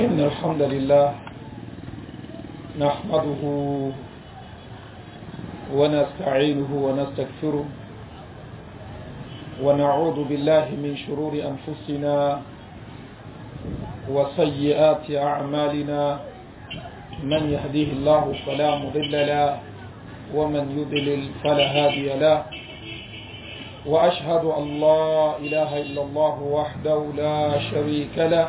إن الحمد لله نحمده ونستعينه ونستكفره ونعوذ بالله من شرور أنفسنا وسيئات أعمالنا من يهديه الله فلا مضل له ومن يضلل فلا هادي له وأشهد أن لا إله إلا الله وحده لا شريك له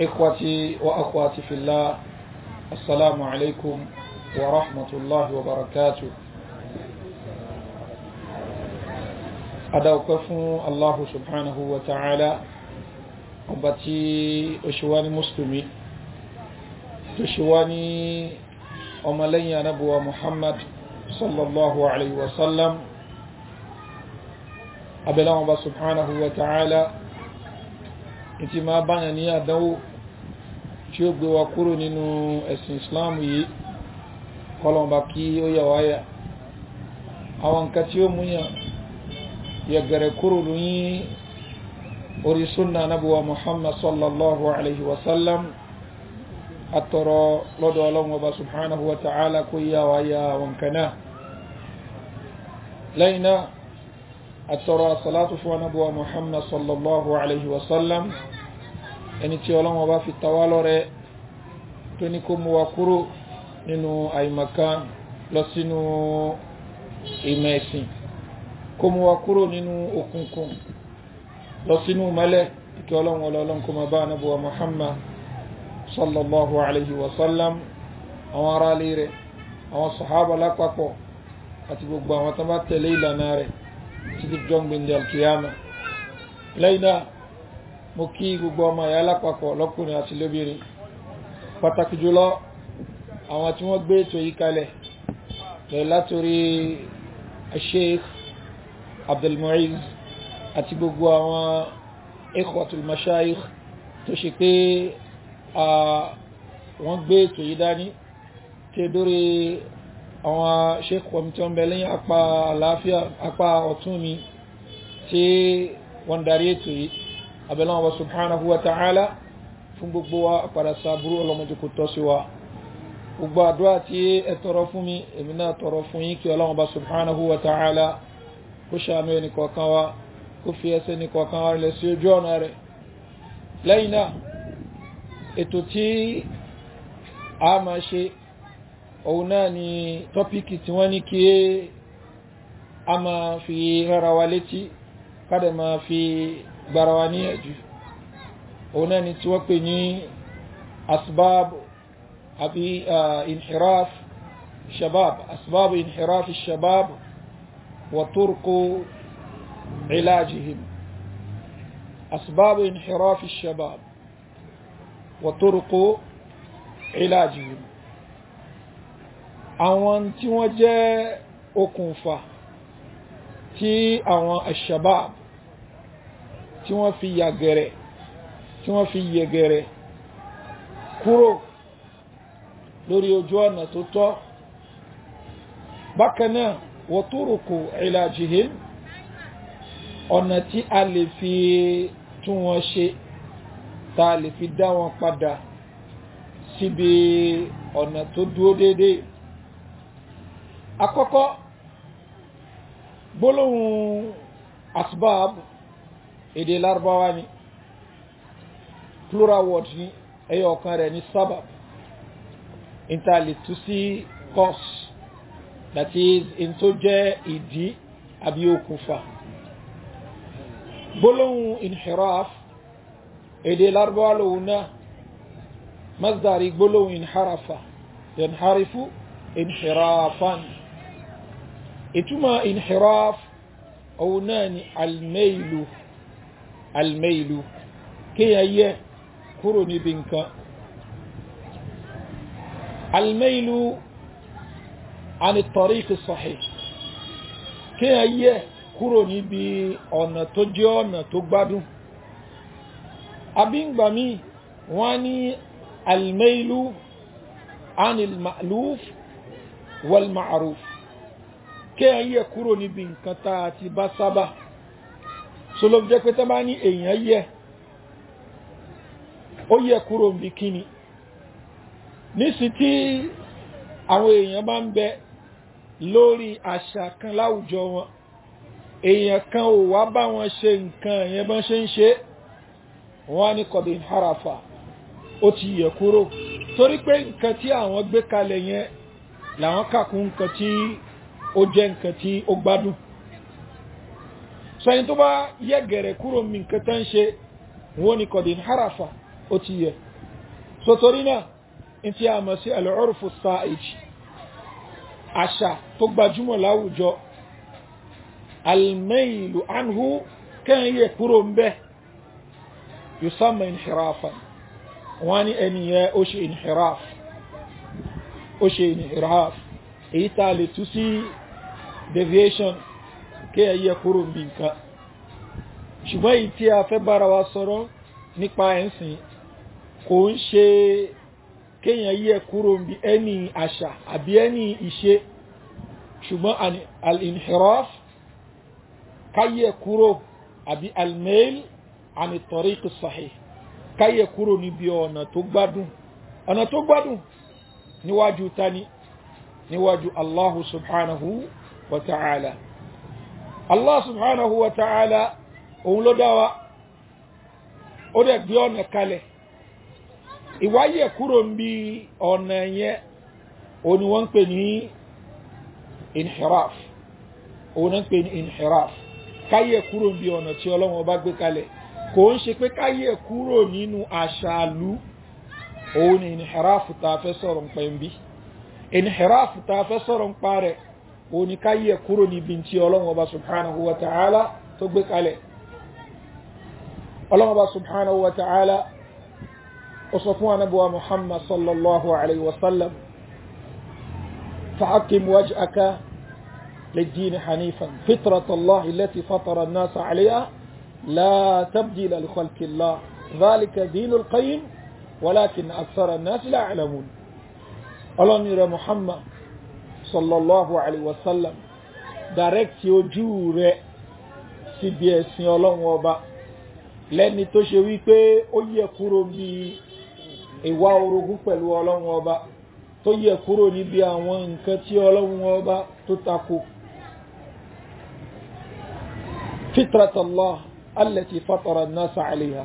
إخوتي وأخواتي في الله السلام عليكم ورحمة الله وبركاته أدوكف الله سبحانه وتعالى أبتي أشواني مسلمي تشواني أملي نبوة محمد صلى الله عليه وسلم أبلغ سبحانه وتعالى tí máa báyàn ní àdánwò tí ó gbé wa kúrò nínú ẹ̀sìn islam yìí kọlọ̀mbà kí ó yà wáyà àwọn nǹkan tí ó múyàn yẹ̀gẹ̀rẹ̀ kúrò lóyìn orí súnà anábíwá muhammad sallallahu alaihi wasallam àtọ̀rọ̀ lọ́dọ̀ ọlọ́run ọba subhanahu wa ta'ala kó yà wáyà àwọn nǹkan náà lẹ́yìn náà àtọ̀rọ̀ salatu fún anábíwá muhammad sallallahu alaihi wasallam ẹni tí ọlọ́wọ́n bá fi tawá lọ́rẹ tó ní kó mú wa kúrò nínú àìmọ̀kan lọ sínú ìmọ̀ ẹ̀sìn kó mú wa kúrò nínú òkùnkùn lọ sínú mẹ́lẹ̀ ìkẹ́ ọlọ́wọ́n ọlọ́wọ́n kó máa bá anábọ̀wá Muhammad sallallahu alayhi wa sallam àwọn ará ilé rẹ̀ àwọn sàhábà lápapọ̀ àti gbogbo àwọn tó bá tẹ̀lé ìlànà rẹ̀ títí jọ́ngbìn dẹ̀ alkiyama lẹ́yìn náà mo kí gbogbo ọmọ ìyá lápapọ̀ lọ́kùnrin àti lóbìnrin pàtàkì jùlọ àwọn tí wọ́n gbé ètò yìí kalẹ̀ bẹ̀rẹ̀ látòrí Sheikh Abdulmuiz àti gbogbo àwọn ikhwatul mashayikh tó ṣe pé wọ́n gbé ètò yìí dání tí ó àwọn sheikh wọmítọ́ mbẹ̀lẹ́ apá àlàáfíà apá ọ̀tún mi tí wọ́n darí ètò yìí abẹ́lẹ́ wọn subhanahu wa ta'ala fún gbogbo wa padà sábúrú ọlọ́mọdé kò tọ́ sí wa gbogbo àdúrà tí ẹ tọrọ fún mi èmi náà tọrọ fún yín kí ọlọ́run bá subhanahu wa ta'ala kó ṣàánú ẹnì kọ̀ọ̀kan wa kó fi ẹsẹ̀ ẹnì kọ̀ọ̀kan wa rẹ̀ sí ojú ọ̀nà rẹ̀ lẹ́yìn náà ètò tí a máa ṣe òun náà ni tọ́píkì tí wọ́n ní kí a máa fi rárá wa létí ká máa fi gbara wa níyànjú òun náà ni tí wọ́n pè ní asbab àbí inhiraf shabab asbab inhiraf shabab wa turku ilajihim asbab inhiraf shabab wa turku ilajihim àwọn tí wọ́n jẹ́ okùnfà tí àwọn ashabab tí wọ́n fi yàgẹ̀rẹ̀ tí wọ́n fi yẹ̀gẹ̀rẹ̀ kúrò lórí ojú ọ̀nà tó tọ́ bákan náà wọ́túrùkù ìlàjìhìn ọ̀nà tí a lè fi tún wọn ṣe ta lè fi dá wọn padà síbi ọ̀nà tó dúró dédé àkọ́kọ́ gbólóhùn asbab èdè lárúbáwá ni plural word ni ẹyọ ọ̀kan rẹ̀ ní sabab interlitusi cause that is in tó jẹ́ ìdí àbí okùnfà gbólóhùn inhiraf èdè lárúbáwá lòun náà masdari gbólóhùn inharafa yanharifu inhirafan ìtumọ̀ inhiraf òun náà ni almeilu almeilu kéèyàn yẹ kúrò níbi nǹkan almeilu anitọ́ríkì sahih kéèyàn yẹ kúrò níbi ọ̀nà tó jẹ́ ọ̀nà tó gbádùn abíngbà mi wọ́n ní almeilu anil ma'luf wal ma'ruf kéèyàn yẹ kúrò níbi nǹkan tá a ti bá sábà. so ló jẹ́ pé tán bá ní èèyàn yẹ ó yẹ kúrò níbi kíni nísì tí àwọn èèyàn bá ń bẹ lórí àṣà kan láwùjọ wọn èèyàn kan ò wá bá wọn ṣe nǹkan yẹn bọ́n ṣe ń ṣe wọ́n á ní kọ̀dín harafa ó ti yẹ kúrò torí pé nǹkan tí àwọn gbé kalẹ̀ yẹn làwọn kàkún nǹkan tí ó jẹ́ nǹkan tí ó gbádùn sẹni tó bá yẹ gẹ̀rẹ̀ kúrò mi nǹkan tán ṣe wọ́n ni kọ̀dín harafa ó ti yẹ sotori náà n ti a mọ̀ sí alọ́rùfù sáàjì àṣà tó gbajúmọ̀ láwùjọ almailu anhu kàn yẹ kúrò ń bẹ́ yusamma inhirafa wọ́n ni ẹniyẹ ó ṣe inhiraf ó ṣe inhiraf èyí tá a lè tú sí deviation kéèyàn yẹ kúrò ń bí nǹkan ṣùgbọ́n èyí tí a fẹ́ bára wa sọ̀rọ̀ nípa ẹ̀sìn kò ń ṣe kéèyàn yẹ kúrò ń bí ẹni àṣà àbí ẹni ìṣe ṣùgbọ́n al-inhiraf káyẹ kúrò àbí al-mail àni tariq sahih káyẹ kúrò níbi ọ̀nà tó gbádùn ọ̀nà tó gbádùn níwájú tani níwájú Allahu subhanahu wa ta'ala allah subhanahu wa ta'ala òun ló dá wa ó dẹ̀ gbé ọ̀nà kalẹ̀ ìwáyẹ̀ kúrò ń bí ọ̀nà yẹn òun ni wọ́n ń pè ní inhiraf òun náà ń pè ní inhiraf káyẹ̀ kúrò ń bí ọ̀nà tí ọlọ́run ọba gbé kalẹ̀ kò ń ṣe pé káyẹ̀ kúrò nínú àṣàlú òun ni inhiraf tá fẹ́ sọ̀rọ̀ ń pẹ́ ń bí inhiraf tá fẹ́ sọ̀rọ̀ ń pa rẹ̀ òun ni ká yẹ kúrò níbi tí ọlọ́run ọba subhanahu wa ta'ala tó gbé kalẹ̀ ọlọ́run ọba subhanahu wa ta'ala ó sọ fún anábọ̀wá muhammad sallallahu alayhi wa sallam fa'akim waj'aka للدين حنيفا فطرة الله التي فطر الناس عليها لا تبديل لخلق الله ذلك دين القيم ولكن أكثر الناس لا يعلمون ọlọ́nira muhammad sallallahu alayhi wa sallam dàrẹ́kì ojú rẹ síbi ẹ̀sìn ọlọ́run ọba lẹ́ni tó ṣe wípé ó yẹ kúrò bí ìwà orogún pẹ̀lú ọlọ́run ọba tó yẹ kúrò níbi àwọn nǹkan tí ọlọ́run ọba tó tako fitratallah allati fatara nasa alayha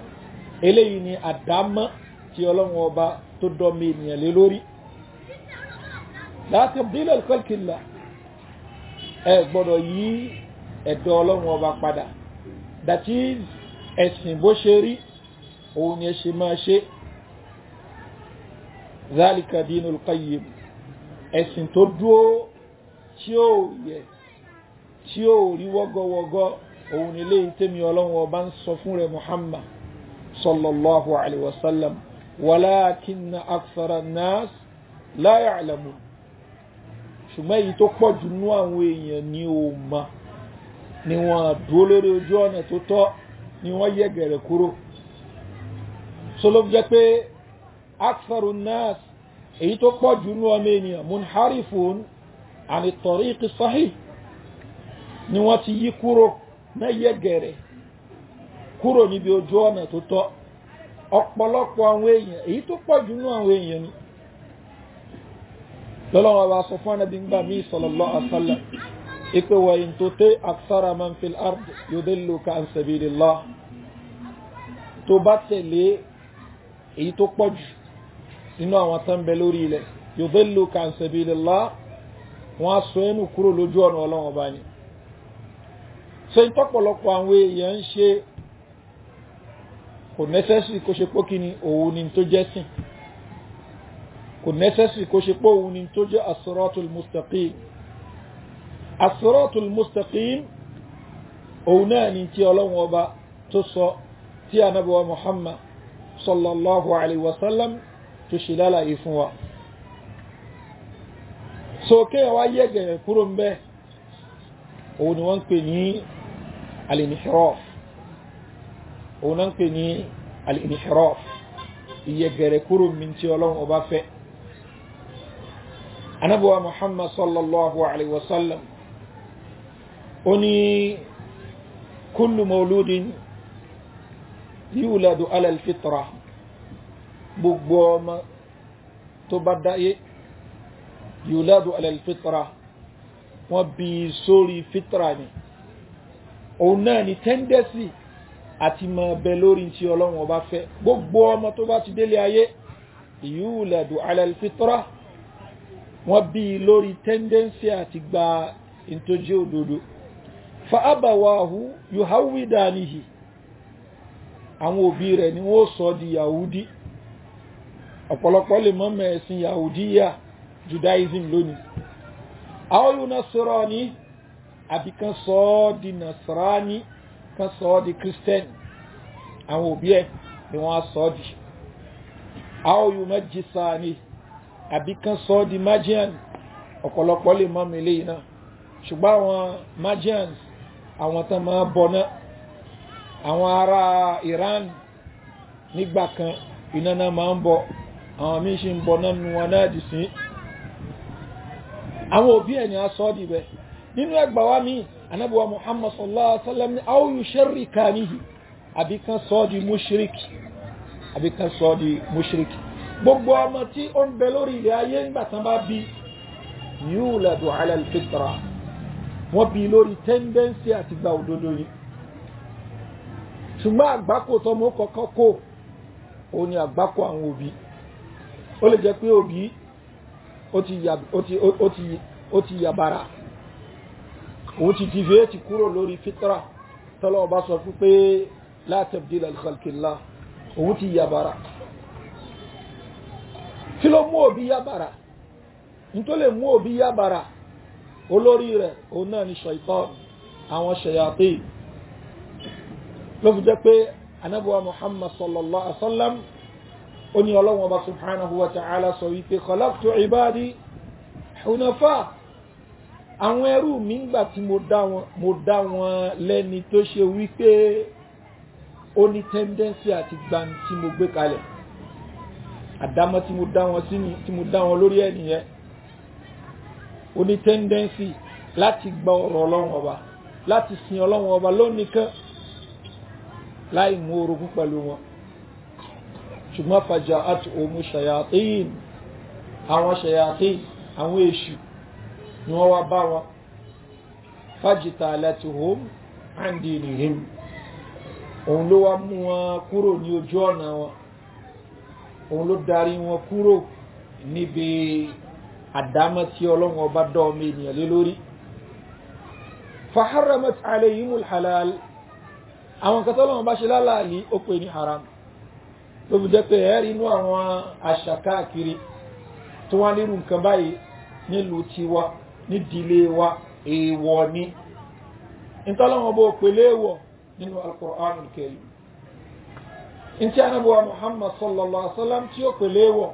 eléyìí ni àdámọ́ tí ọlọ́run ọba tó dọ́mi ènìyàn lé lórí láti bílẹ̀ kọ́kìlá ẹ gbọ́dọ̀ yí ẹ̀dọ́ ọlọ́run ọba padà that is ẹ̀sìn bó ṣe rí òun ni ẹ ṣe máa ṣe zálìkà dínú qayyim ẹ̀sìn tó dúó tí ó yẹ tí ó rí wọ́gọ́wọ́gọ́ òun ilé ìtẹ́mi ọlọ́run ọba ń sọ fún rẹ̀ Muhammad sallallahu alaihi wasallam walakinna akthara nas la ya'lamun ṣùgbọ́n èyí tó pọ̀ jù nú àwọn èèyàn ni ò mọ̀ ni wọ́n dúró lórí ojú ọ̀nà tó tọ́ ni wọ́n yẹ gẹ̀rẹ̀ kúrò sọlọ́ jẹ́ pé aktharu nas èyí tó pọ̀ jù nú ọmọ ènìyàn munharifun ani tariqi sahih ni wọ́n ti yí kúrò náà yẹ gẹ̀rẹ̀ kúrò níbi ojú ọ̀nà tó tọ́ ọ̀pọ̀lọpọ̀ àwọn èèyàn èyí tó pọ̀ jù nú àwọn èèyàn ni lọ́lọ́wọ́ bá sọ fún ànábì ńgbà mí sallallahu alaihi wasallam ipe wa in tuti aksara man fil ard yudilluka an sabilillah tó bá tẹ̀lé èyí tó pọ̀ jù nínú àwọn tán bẹ lórí ilẹ̀ yudilluka an sabilillah wọ́n á sọ ẹnu kúrò lójú ọ̀nà ọlọ́wọ́ bá ní so in tọ́pọ̀lọpọ̀ àwọn èèyàn ń ṣe kò necessary kó ṣe pókí òun ni tó jẹ́sìn kò nẹ́sẹ̀sì kó ṣe pé òun ni tó jẹ́ asọ́rọ́tul mustaqim asọ́rọ́tul mustaqim òun náà ni tí ọlọ́run ọba tó sọ tí anábọ̀wá muhammad sallallahu alaihi wasallam tó ṣe lálàyé fún wa so kéèyàn wá yẹ̀gẹ̀ kúrò ń bẹ́ òun ni wọ́n pè ní al òun náà ń pè ní al-inhiraf kúrò mi tí ọlọ́run ọba fẹ́ anabuwa muhammad sallallahu alaihi wasallam ó ní kullu mauludin yúladu alalfitra gbogbo ọmọ tó bá dáyé yúladu alalfitra wọ́n bí sórí fitra ni òun náà ni tẹ́ndẹ́sì àti mọ̀ bẹ lórí tí ọlọ́run ọba fẹ́ gbogbo ọmọ tó bá ti délé ayé yúladu alalfitra wọ́n bí i lórí tẹ́ndẹ́nsì àti gba ìtọ́jú òdodo yohawi danihi, àwọn òbí rẹ̀ ni wọ́n sọ di yahudi ọ̀pọ̀lọpọ̀ lè mọ́ mẹ́ẹ̀sìn yahudiya judaism lónìí àwọn yunasirani àbí kan sọ ọ́ di nasirani kan sọ ọ́ di christian àwọn òbí ẹ̀ ni wọ́n sọ di àwọn yumajisani àbí kan sọ di magian ọ̀pọ̀lọpọ̀ lè mọ́ mi eléyìí náà ṣùgbọ́n àwọn magians àwọn tán máa bọ̀ náà àwọn ará Iran nígbà kan iná náà máa ń bọ àwọn míì ṣe ń bọ náà nu wọn náà dì sí àwọn òbí ẹ̀ ni a sọ di bẹ́ẹ̀ nínú ẹgbà wa míì anábíwá Muhammad sallallahu alaihi wa sallam ni aw yushrikanihi àbí kan sọ di mushrik àbí kan sọ di mushrik gbogbo ọmọ tí ó ń bẹ lórí ilẹ̀ ayé ńgbà tán bá bí yuladu ala al-fitra wọ́n bí lórí tẹ́ndẹ́nsì àti gba òdodo yìí ṣùgbọ́n àgbákò tọmọ kọ́kọ́ kò ó ní àgbákò àwọn òbí ó lè jẹ́ pé òbí ó ti yàbàrà òun ti dìvẹ́ẹ̀tì kúrò lórí fitra tọ́lọ́ ọba sọ fún pé la tabdila òun ti yàbàrà kí ló mú òbí yábàrà nítorí lè mú òbí yábàrà olórí rẹ̀ òun náà ni ṣaitan àwọn ṣayàtì ló fi jẹ́ pé anábọ̀wá muhammad sallallahu alaihi wa sallam ó ní ọlọ́wọ́n ọba subhanahu wa ta'ala sọ wípé khalaqtu ibadi hunafa àwọn ẹrú mi ńgbà tí mo dá wọn mo dá wọn lẹ́ni tó ṣe wípé ó ní tẹ́ndẹ́nsì àti gbantí mo gbé kalẹ̀ àdámọ́ tí mo dá wọn sí ni tí mo dá wọn lórí ẹ̀ nìyẹn ó ní tẹ́ndẹ́nsì láti gba ọ̀rọ̀ ọlọ́run ọba láti sin ọlọ́run ọba lónìkan láì mú orogún pẹ̀lú wọn ṣùgbọ́n fàjà àti òmu ṣayatín àwọn ṣayatín àwọn èṣù ni wọ́n wá bá wọn fàjìtà àlẹ́tì hom àǹdí nìhim òun ló wá mú wọn kúrò ní ojú ọ̀nà wọn òun ló darí wọn kúrò níbi àdámọ́ tí ọlọ́run ọba dá ènìyàn lé lórí faharamat alayhimul halal àwọn kan tọ́lọ́run bá ṣe lálàálí ó pè ní haram ló fi jẹ́ pé ẹ̀rí inú àwọn àṣà káàkiri tó wá nírú nǹkan báyìí nílùú tiwa nídìílé wa èèwọ̀ ni ìtọ́lọ́run ọba ò pè léèwọ̀ nínú Al-Qur'anul Karim ntí anábọ̀wá muhammad sallallahu alaihi wa sallam tí ó pèlè wọ̀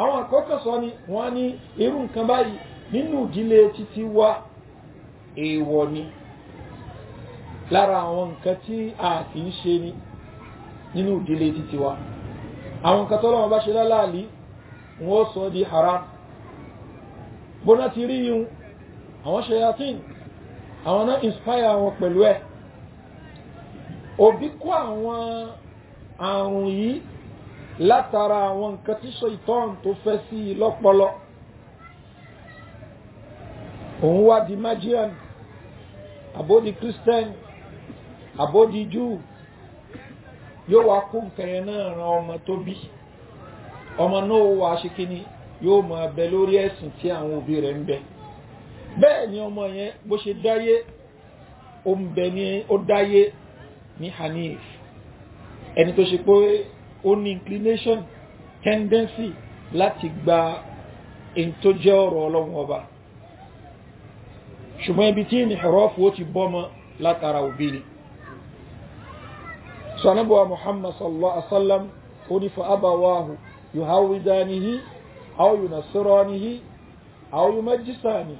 àwọn àkọ́kọ́ sọ ni wọ́n á ní irú nǹkan báyìí nínú ìdílé títí wá èèwọ̀ ni lára àwọn nǹkan tí a kì í ṣe ni nínú ìdílé títí wá àwọn nǹkan tọ́lọ́wọ́n bá ṣe láláàlí wọ́n sọ di haram bóná ti rí yun àwọn ṣayatin àwọn náà inspire wọn pẹ̀lú ẹ̀ òbí kó àwọn àrùn yìí látara àwọn nǹkan tí ṣaitan tó fẹ́ sí i lọ́pọlọ òun wá di magian àbódi christian àbódi jew yóò wá kó nǹkan yẹn náà ran ọmọ tó bí ọmọ náà wà á ṣe kíní yóò máa bẹ lórí ẹ̀sìn tí àwọn òbí rẹ̀ ń bẹ bẹ́ẹ̀ ni ọmọ yẹn bó ṣe dáyé ó bẹ ní ó dáyé ní hanif ẹni tó ṣe pé ó ní inclination tendency láti gba in tó jẹ́ ọ̀rọ̀ ọlọ́run ọba ṣùgbọ́n ibi tí ní ẹ̀rọ́fù ó ti bọ́mọ látara òbí ni sanabuwa muhammad sallallahu alaihi wasallam ó ní fa abawahu yuhawidanihi aw yunasiranihi aw yumajjisani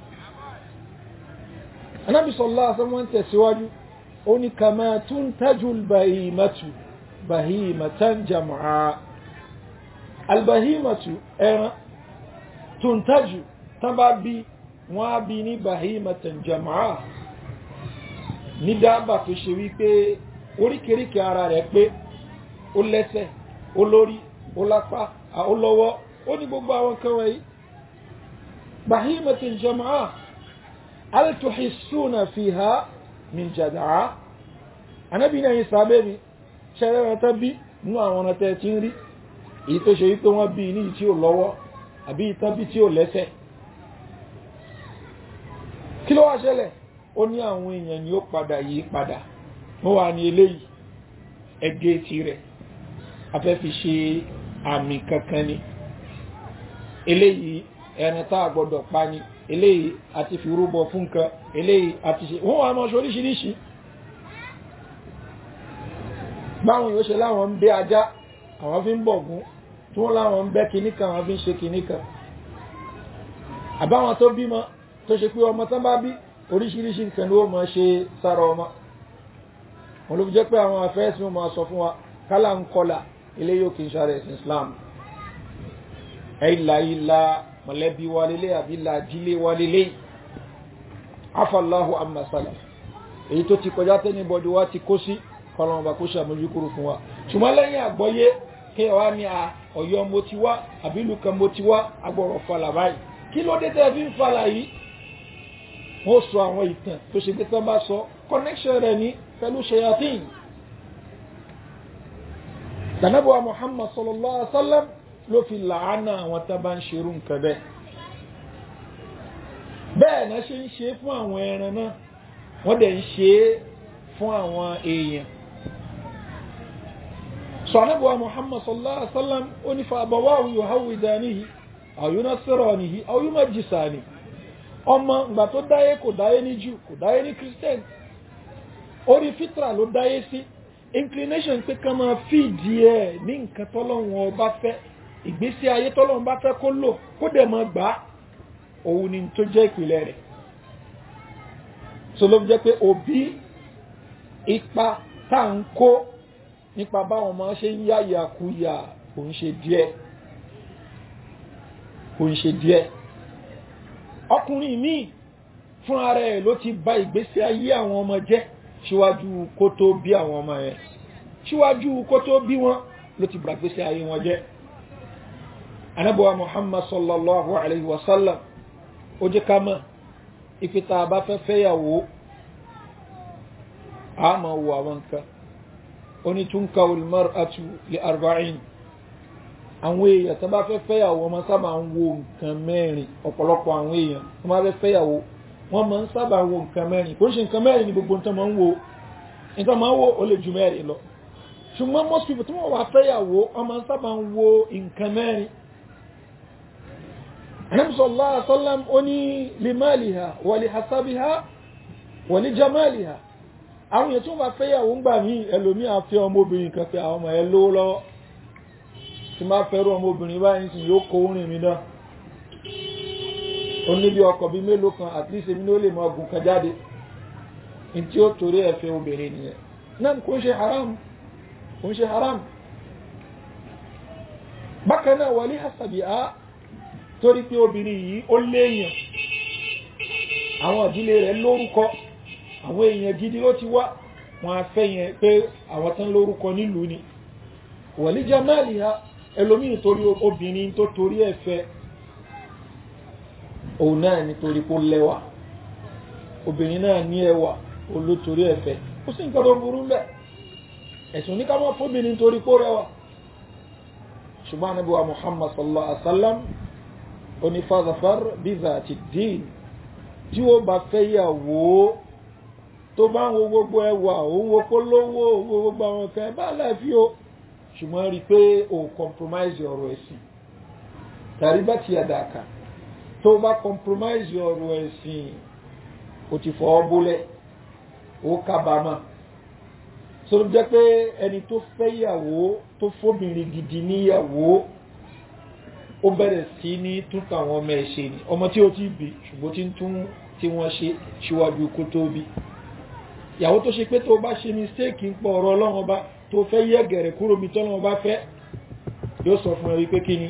anábì sallallahu alaihi wasallam tẹ̀síwájú ó ní kama tún tajul bayimatu bahimatan jam'a albahimatu ẹran tuntaju tán bá bí wọ́n á bí ní bahimatan jam'a ní dábà tó ṣe wípé oríkèríkè ara rẹ̀ pé ó lẹ́sẹ̀ ó lórí ó lápá ó lọ́wọ́ ó ní gbogbo àwọn nǹkan wọ̀nyí bahimatan jam'a altuhisuna fiha min jada'a anabi náà yìí sábẹ́ mi ṣẹ́rẹ́ rẹ̀ tán bí nínú àwọn ọ̀nà tẹ́ ti ń rí èyí tó ṣe wípé wọ́n bí ní tí ò lọ́wọ́ àbí ìtàn tí ò lẹ́sẹ̀ kí ló wá ṣẹlẹ̀ ó ní àwọn èèyàn ni ó padà yìí padà wọ́n wà ní eléyìí ẹgbẹ́ tirẹ̀ afẹ́ fi ṣe àmì kankan ni eléyìí ẹran tá a gbọ́dọ̀ pa ni eléyìí àti fi rúbọ fún nǹkan eléyìí àti ṣe wọ́n wà mọ́ ṣoríṣiríṣi báwọn yóò ṣe láwọn ń bẹ ajá àwọn fi ń bọ̀gún tí wọ́n láwọn ń bẹ kìníkan àwọn fi ń ṣe kìníkan àbáwọn tó bímọ tó ṣe pé ọmọ tán bá bí oríṣiríṣi nǹkan ló mọ̀ ṣe sára ọmọ wọn ló fi jẹ́ pé àwọn afẹ́ẹ̀sì wọn máa sọ fún wa kálá ń kọlà ilé yóò kì í ṣàrẹ ẹ̀sìn Islam ẹ̀yìnlá ìlà mọ̀lẹ́bí wa lélẹ̀ àbí ìlà ìdílé wa lélẹ̀ afallahu amma èyí tó ti kọjá tẹ́nibọ̀dì wa ti kó sí kọ́lọ́mọ bá kó ṣàmójú kúrò fún wa ṣùgbọ́n lẹ́yìn àgbọ́yé kéèyàn wá ní a ọ̀yọ́ mo ti wá àbí ìlú kan mo ti wá agbọ̀rọ̀ falà báyìí kí ló dé tẹ́ fi ń falà yìí wọ́n sọ àwọn ìtàn tó ṣe pé tán bá sọ connection rẹ̀ ní pẹ̀lú ṣayatin tànàbọ̀wá Muhammad sallallahu alaihi wa sallam ló fi làánà àwọn tá bá ń ṣerú nǹkan bẹ́ẹ̀ bẹ́ẹ̀ náà ṣe ń ṣe fún àwọn ẹran náà wọ́n dẹ̀ ń ṣe fún àwọn èèyàn so anabi wa muhammad sallallahu alaihi wasallam ó ní fa abawahu yuhawidanihi aw yunasiranihi aw yumajisani ọmọ ìgbà tó dáyé kò dáyé ní jew ko daye ní christian orí fitra sí inclination pé ka máa fìdí ẹ ní nǹkan tọ́lọ́run ọba fẹ́ ìgbésí ayé tọ́lọ́run bá fẹ́ kó lò kó dẹ̀ máa gbà òun ni tó ipa tá à nípa báwọn máa ṣe ń yáyà kúyà kò ń ṣe díẹ̀ kò ń ṣe díẹ̀ ọkùnrin míì fún ara ẹ̀ ló ti bà ìgbésí ayé àwọn ọmọ jẹ́ síwájú kó tó bí àwọn ọmọ yẹn síwájú kó tó bí wọn ló ti bà ìgbésí ayé wọn jẹ́ anabuwa muhammad sallallahu alaihi wasallam ó jẹ́ ká mọ̀ ìpìta bá fẹ́ fẹ́yàwó a máa wo àwọn nǹkan oní túnka olùmọ́r àti lè arba'in àwọn èèyàn tó bá fẹ́ fẹ́yàwó wọ́n máa sábà ń wo nǹkan mẹ́rin ọ̀pọ̀lọpọ̀ àwọn èèyàn tó máa fẹ́ fẹ́yàwó wọ́n máa ń sábà wo nǹkan mẹ́rin kò ṣe nǹkan mẹ́rin ní gbogbo nǹkan máa ń wo nǹkan máa ń wo ó lè ju mẹ́rin lọ ṣùgbọ́n most people tí wọ́n wá fẹ́yàwó wọ́n máa ń sábà ń wo nǹkan mẹ́rin anamsọ̀lá asọ́lám ó limaliha wàlí hasabiha wàlí jamaliha àwọn èèyàn tí wọ́n bá fẹ́yàwó ń gbà mí ẹlòmíì á ọmọbìnrin kan pé àwọn ọmọ ẹ lówó lọ́wọ́ tí máa fẹ́rú ọmọbìnrin báyìí sì yóò kó orin mi náà ó níbi ọkọ̀ bíi mélòó kan at least èmi ní ó lè mọ ọgùn kan jáde ní tí ó torí ẹ̀fẹ́ obìnrin nìyẹn náà kò ń ṣe haram kò ń ṣe haram bákan náà wọlé hasabi a torí pé obìnrin yìí ó léèyàn àwọn ìdílé rẹ̀ lórúkọ àwọn èèyàn gidi ló ti wá wọn á fẹ́ yẹn pé àwọn tán lórúkọ nílùú ni wọ̀lí jamali ha ẹlòmíì torí obìnrin tó torí ẹ̀ fẹ́ òun náà nítorí kó lẹ́wà obìnrin náà ní ẹwà olótorí ẹ̀ fẹ́ ó sì ń gbọ́dọ̀ burú bẹ́ẹ̀ ẹ̀sùn ní ká fóbìnrin torí kó rẹwà ṣùgbọ́n anábíwá muhammad sallallahu alaihi wa sallam onífàzàfàr bí zàtì dín tí ó bá fẹ́ yàwó tó bá ń wo gbogbo ẹwà òun wo polówó òun wo gbogbo àwọn nǹkan ẹ bá láìfi o ṣùgbọ́n rí pé o compromise ọ̀rọ̀ ẹ̀sìn tàbí bá ti ẹ̀dà kà tó bá compromise ọ̀rọ̀ ẹ̀sìn o ti fọ́ bólẹ̀ o kábàámà so ló jẹ́ pé ẹni tó fẹ́ ìyàwó tó fóbìnrin gidi níyàwó ó bẹ̀rẹ̀ sí ní túntà àwọn ọmọ ẹ̀ ni ọmọ tí o ti bí ṣùgbọ́n tí wọ́n ṣe síwájú kó tó bí ìyàwó tó ṣe pé tó bá ṣe mistake ń pọ̀ ọ̀rọ̀ ọlọ́run ọba tó fẹ́ yẹ gẹ̀rẹ̀ kúrò mi tọ́lọ́run ọba fẹ́ yóò sọ fún ẹ wípé kí ni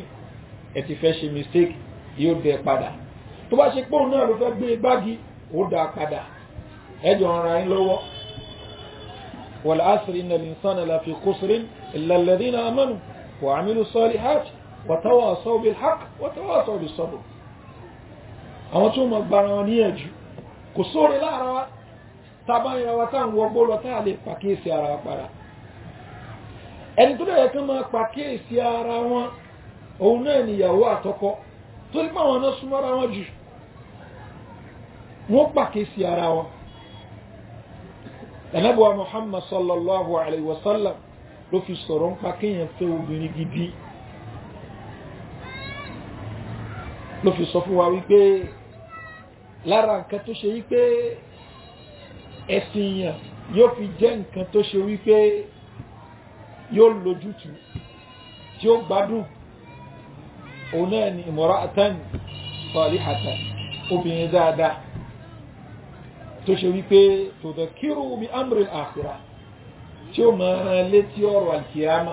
ẹ ti fẹ́ ṣe mistake yóò dẹ padà tó bá ṣe pé òun náà ló fẹ́ gbé e báàgì ó dá padà ẹjọ́ ń yín lọ́wọ́ wal asri innal insana lafi khusrin illa alladhina amanu wa amilu salihati wa tawasaw bil haqq wa tawasaw bis sabr àwọn tí ó mọ̀ gbara wọn níyànjú kò tábà ń yàwá tá à ń wọgbó lọ tá à lè pàkíyèsí ara wa padà ẹni tó dẹ̀ yẹ kí wọ́n pàkíyèsí ara wọn òun náà nìyàwó àtọkọ torí pé àwọn náà súnmọ́ ara wọn jù wọ́n pàkíyèsí ara wọn ẹ̀nàbùwà Muhammad sallallahu alayhi wa sallam ló fi sọ̀rọ̀ nípa kéèyàn obìnrin gidi ló fi sọ fún wa wípé lára nǹkan tó ṣe wípé ẹ̀sìn yẹn yóò fi jẹ́ nǹkan tó ṣe wípé yóò lójútu tí ó gbádùn òun náà ni imra'atan salihatan obìnrin dáadáa tó ṣe wípé tudhakiru bi amri al-akhirah tí ó máa létí ọ̀rọ̀ al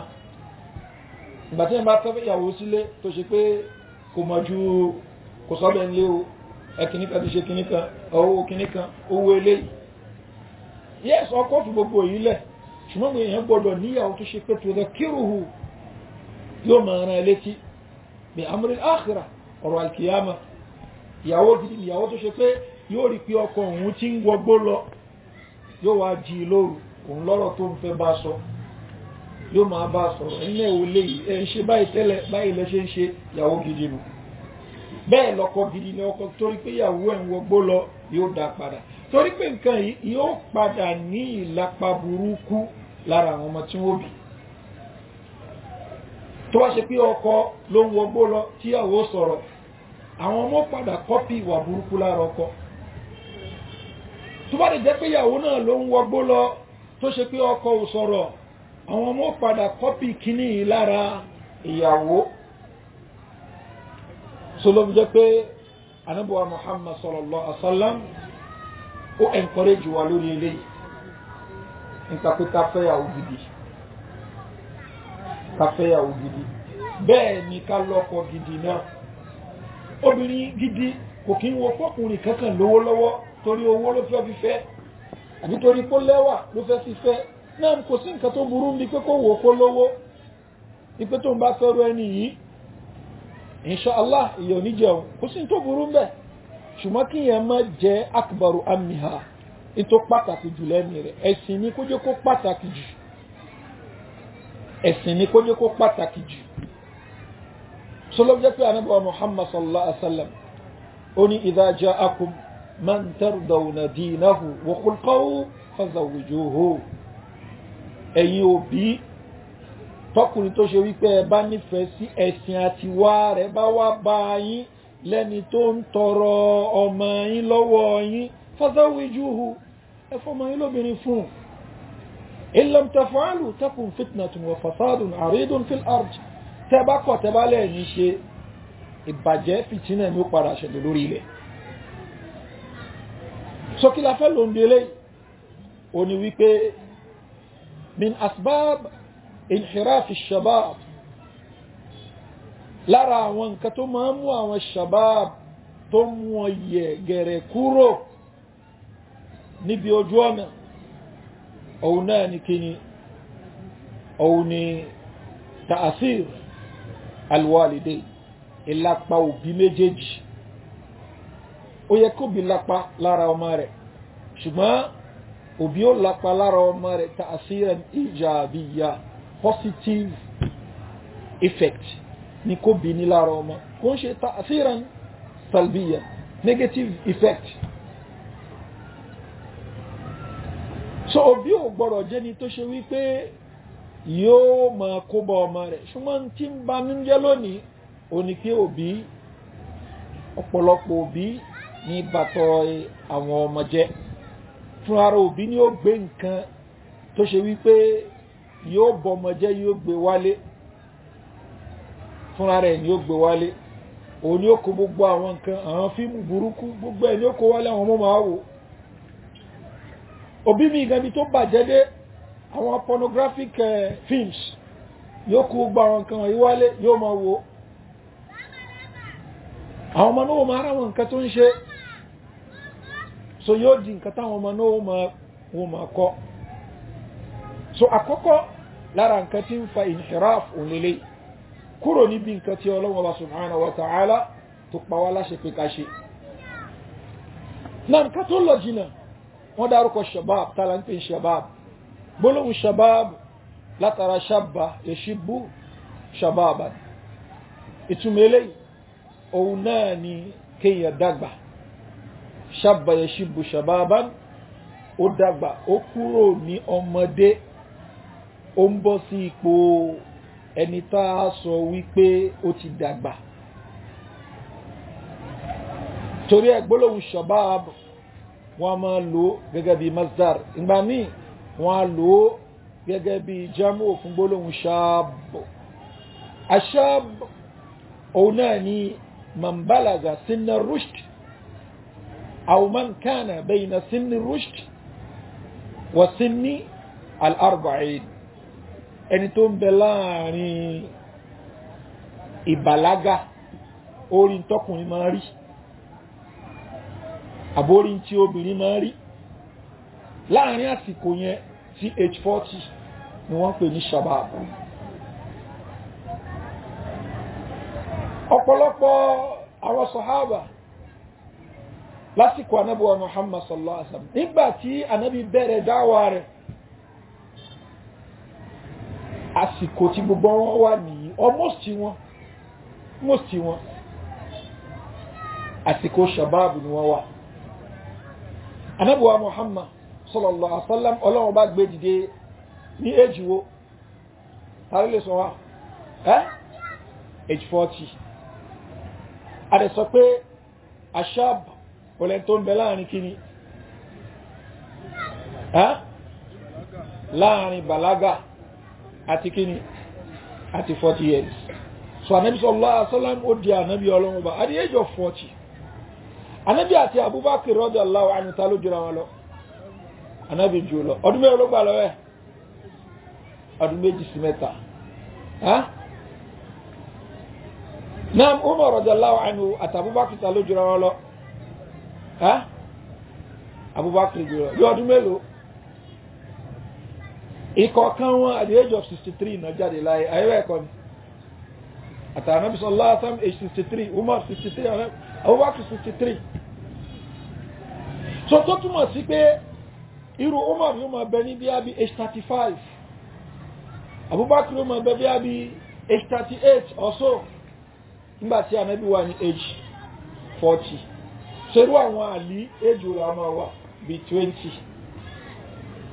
ìgbà tí wọ́n bá tọ́fẹ́ ìyàwó sílé tó ṣe pé kò mọ̀ ju kò sọ́bẹ̀ ńlé o ẹ̀kìníkan ti ṣe kìníkan owó kìníkan owó eléyìí yes ọkọ̀ fi gbogbo èyí lẹ̀ ṣùgbọ́n èèyàn gbọ́dọ̀ níyàwó tó ṣe pé tòrọ kiruhu yóò máa eleti létí bí amúrí áàkìrà ọ̀rọ̀ alkiyama ìyàwó gidi ìyàwó tó ṣe pé yóò rí ọkọ òun ti ń gbọgbó lọ yóò wá jí lóru òun lọ́rọ̀ tó ń fẹ́ bá sọ yóò máa bá sọ̀rọ̀ lè ẹ̀ ń ṣe báyìí tẹ́lẹ̀ báyìí ń ṣe ọkọ torí pé ìyàwó ẹ̀ ń wọgbó lọ yóò torí pé nǹkan yìí yóò padà ní ìlapa burúkú lára àwọn ọmọ tí wọ́n bí tó wá ṣe pé ọkọ ló ń wọgbó lọ tíyàwó sọ̀rọ̀ àwọn ọmọ padà kọ́pì ìwà burúkú lára ọkọ tó bá lè jẹ́ pé ìyàwó náà ló ń wọgbó lọ tó ṣe pé ọkọ ò sọ̀rọ̀ àwọn ọmọ padà kọ́pì kíní yìí lára ìyàwó sọlọ́mù jẹ́ pé anábọ̀wá Muhammad sallallahu alaihi wasallam ó encourage wa lórí eléyìí nípa pé ká fẹ́yàwó gidi ká fẹ́yàwó gidi bẹ́ẹ̀ ni ká lọ́kọ gidi náà obìnrin gidi kò kí ń wo fọ́kùnrin kankan lówó lọ́wọ́ torí owó ló fẹ́ fi fẹ́ àbí torí kó lẹ́wà ló fẹ́ fi fẹ́ náà kò sí nǹkan tó burú pé kó wò kó lówó ṣùgbọ́n kí yẹn má jẹ́ akbaru amiha ètò pàtàkì jù lẹ́nu rẹ̀ ẹ̀sìn ni kó jẹ́ kó pàtàkì jù ẹ̀sìn ni kó jẹ́ kó pàtàkì jù sọlọ́jọ́ pé anábọ̀ muhammad sallallahu alaihi wa sallam ó ní idha ja'akum man tardawna dinahu wa khulqahu fazawwijuhu ẹ̀yin òbí tọkùnrin tó ṣe wípé ẹ bá nífẹ̀ẹ́ sí ẹ̀sìn àtiwá rẹ̀ bá wá bá yín lẹ́ni tó ń tọrọ ọmọ yín lọ́wọ́ yín fazawijuhu ẹ fọmọ yín lóbìnrin fún un illam tafalu takun fitnatun wa fasadun aridun fil ard tẹ́ bá kọ̀ tẹ́ bá lẹ́ẹ̀ni ṣe ìbàjẹ́ fìtínà ni ó padà ṣẹlẹ̀ lórí ilẹ̀ sókí la fẹ́ délé ó wípé min asbab inhiraf shabab lára àwọn nǹkan tó máa ń mú àwọn shabab tó mú wọn yẹ gẹ̀rẹ̀ kúrò níbi ojú ọ̀nà òun náà ni kíni òun ni ta'asir alwalide ìlapa òbí méjèèjì ó yẹ kó bí lára ọmọ rẹ̀ ṣùgbọ́n òbí ó lapa lára ọmọ rẹ̀ ta'asiran ijabiya positive effect ni kò bí ní lára ọmọ kò ń ṣe ta'athiran salbiya negative effect so òbí ò gbọ́dọ̀ jẹ́ni tó ṣe wípé yóò máa kó bá ọmọ rẹ̀ ṣùgbọ́n tí ń ba ní jẹ́ lónìí ò pé òbí ọ̀pọ̀lọpọ̀ òbí ní bàtọ̀ àwọn ọmọ jẹ́ fún ara òbí ni ó gbé nǹkan tó ṣe wípé yóò bọmọ jẹ́ yóò gbé wálé fúnra rẹ̀ ni ó gbé wálé òun ni ó kó gbogbo àwọn nǹkan àwọn fíìmù burúkú gbogbo ẹ̀ ni ó kó wálé àwọn ọmọ máa wò òbí mi gan tó bàjẹ́ dé àwọn pornographic uh, films yóò kó gbogbo àwọn nǹkan wọ̀nyí wálé yóò máa wò àwọn ọmọ náà máa ráwọn nǹkan tó ń ṣe so yóò di nǹkan táwọn ọmọ náà wọ́n máa kọ́ so àkọ́kọ́ lára nǹkan tí ń fa inhiraf òlélẹ́yìí kúrò níbi nǹkan tí ọlọ́wọ́ bá subhanahu wa ta'ala tó pa wá láṣẹ pé ká ṣe náà nǹkan tó lọ jìnà wọ́n dárúkọ shabab tààlà ń pè shabab gbólóhùn shabab látara shabba yeshibu shababan ìtumọ̀ eléyìí òun náà ni kéèyàn dàgbà shabba yeshibu shababan ó dàgbà ó kúrò ní ọmọdé ó ń bọ́ sí ipò ẹni tá a sọ wípé ó ti dàgbà torí ẹ gbólóhùn shabab wọ́n máa lò gẹ́gẹ́ bí masdar ìgbà míì wọ́n á lò gẹ́gẹ́ bí jamu fún gbólóhùn ṣáàbù aṣáàbù òun náà ni man sinna rushd aw man kana bayna sinni rushd wa sinni al-arba'in ẹni tó ń bẹ láàrin ìbàlágà orí tọkùnrin máa rí àbórí tí obìnrin máa rí láàrin àsìkò yẹn tí forty ni wọ́n pè ní shabab ọ̀pọ̀lọpọ̀ àwọn sọ̀hábà lásìkò anábíwá Muhammad sallallahu alaihi wasallam nígbà tí anábí bẹ̀rẹ̀ dáwà rẹ̀ àsìkò tí gbogbo wọn wà nìyí almost wọn most wọn àsìkò shabab ni wọ́n wà anábùwà Muhammad sallallahu alaihi wasallam ọlọ́run bá gbé dìde ní èjì wo tàbí lè sọ wá ẹ́ age 40 a rẹ̀ sọ pé ashab olè tó ń bẹ láàrin kíni ẹ́ láàrin balaga àti kíni àti 40 years so anabi sallallahu alaihi wasallam ó di anabi ọlọ́run ba at the age of 40 anabi àti abubakar radiyallahu anhu ta ló jura wọn lọ anabi jù lọ ọdún mẹ́rin ló gbà lọ́wẹ́ ọdún méjì sí mẹ́ta naam umar radiyallahu anhu àti abubakar ta ló jura wọn lọ abubakar jù lọ bí ọdún mélòó ìkọ̀ọ̀kan wọn at the age of 63 náà jáde láyé ayẹ́wẹ́ ẹ̀kọ́ ni àtàrànàbí sọlá asam age 63 umar 63 abubakar 63 so tó túmọ̀ sí pé irú umar yóò máa bẹ ní age 35 abubakar yóò máa bẹ abi age 38 ọ̀sọ́ nígbà tí ànábì wà ní age 40 Seru irú àwọn àlí age wò bi 20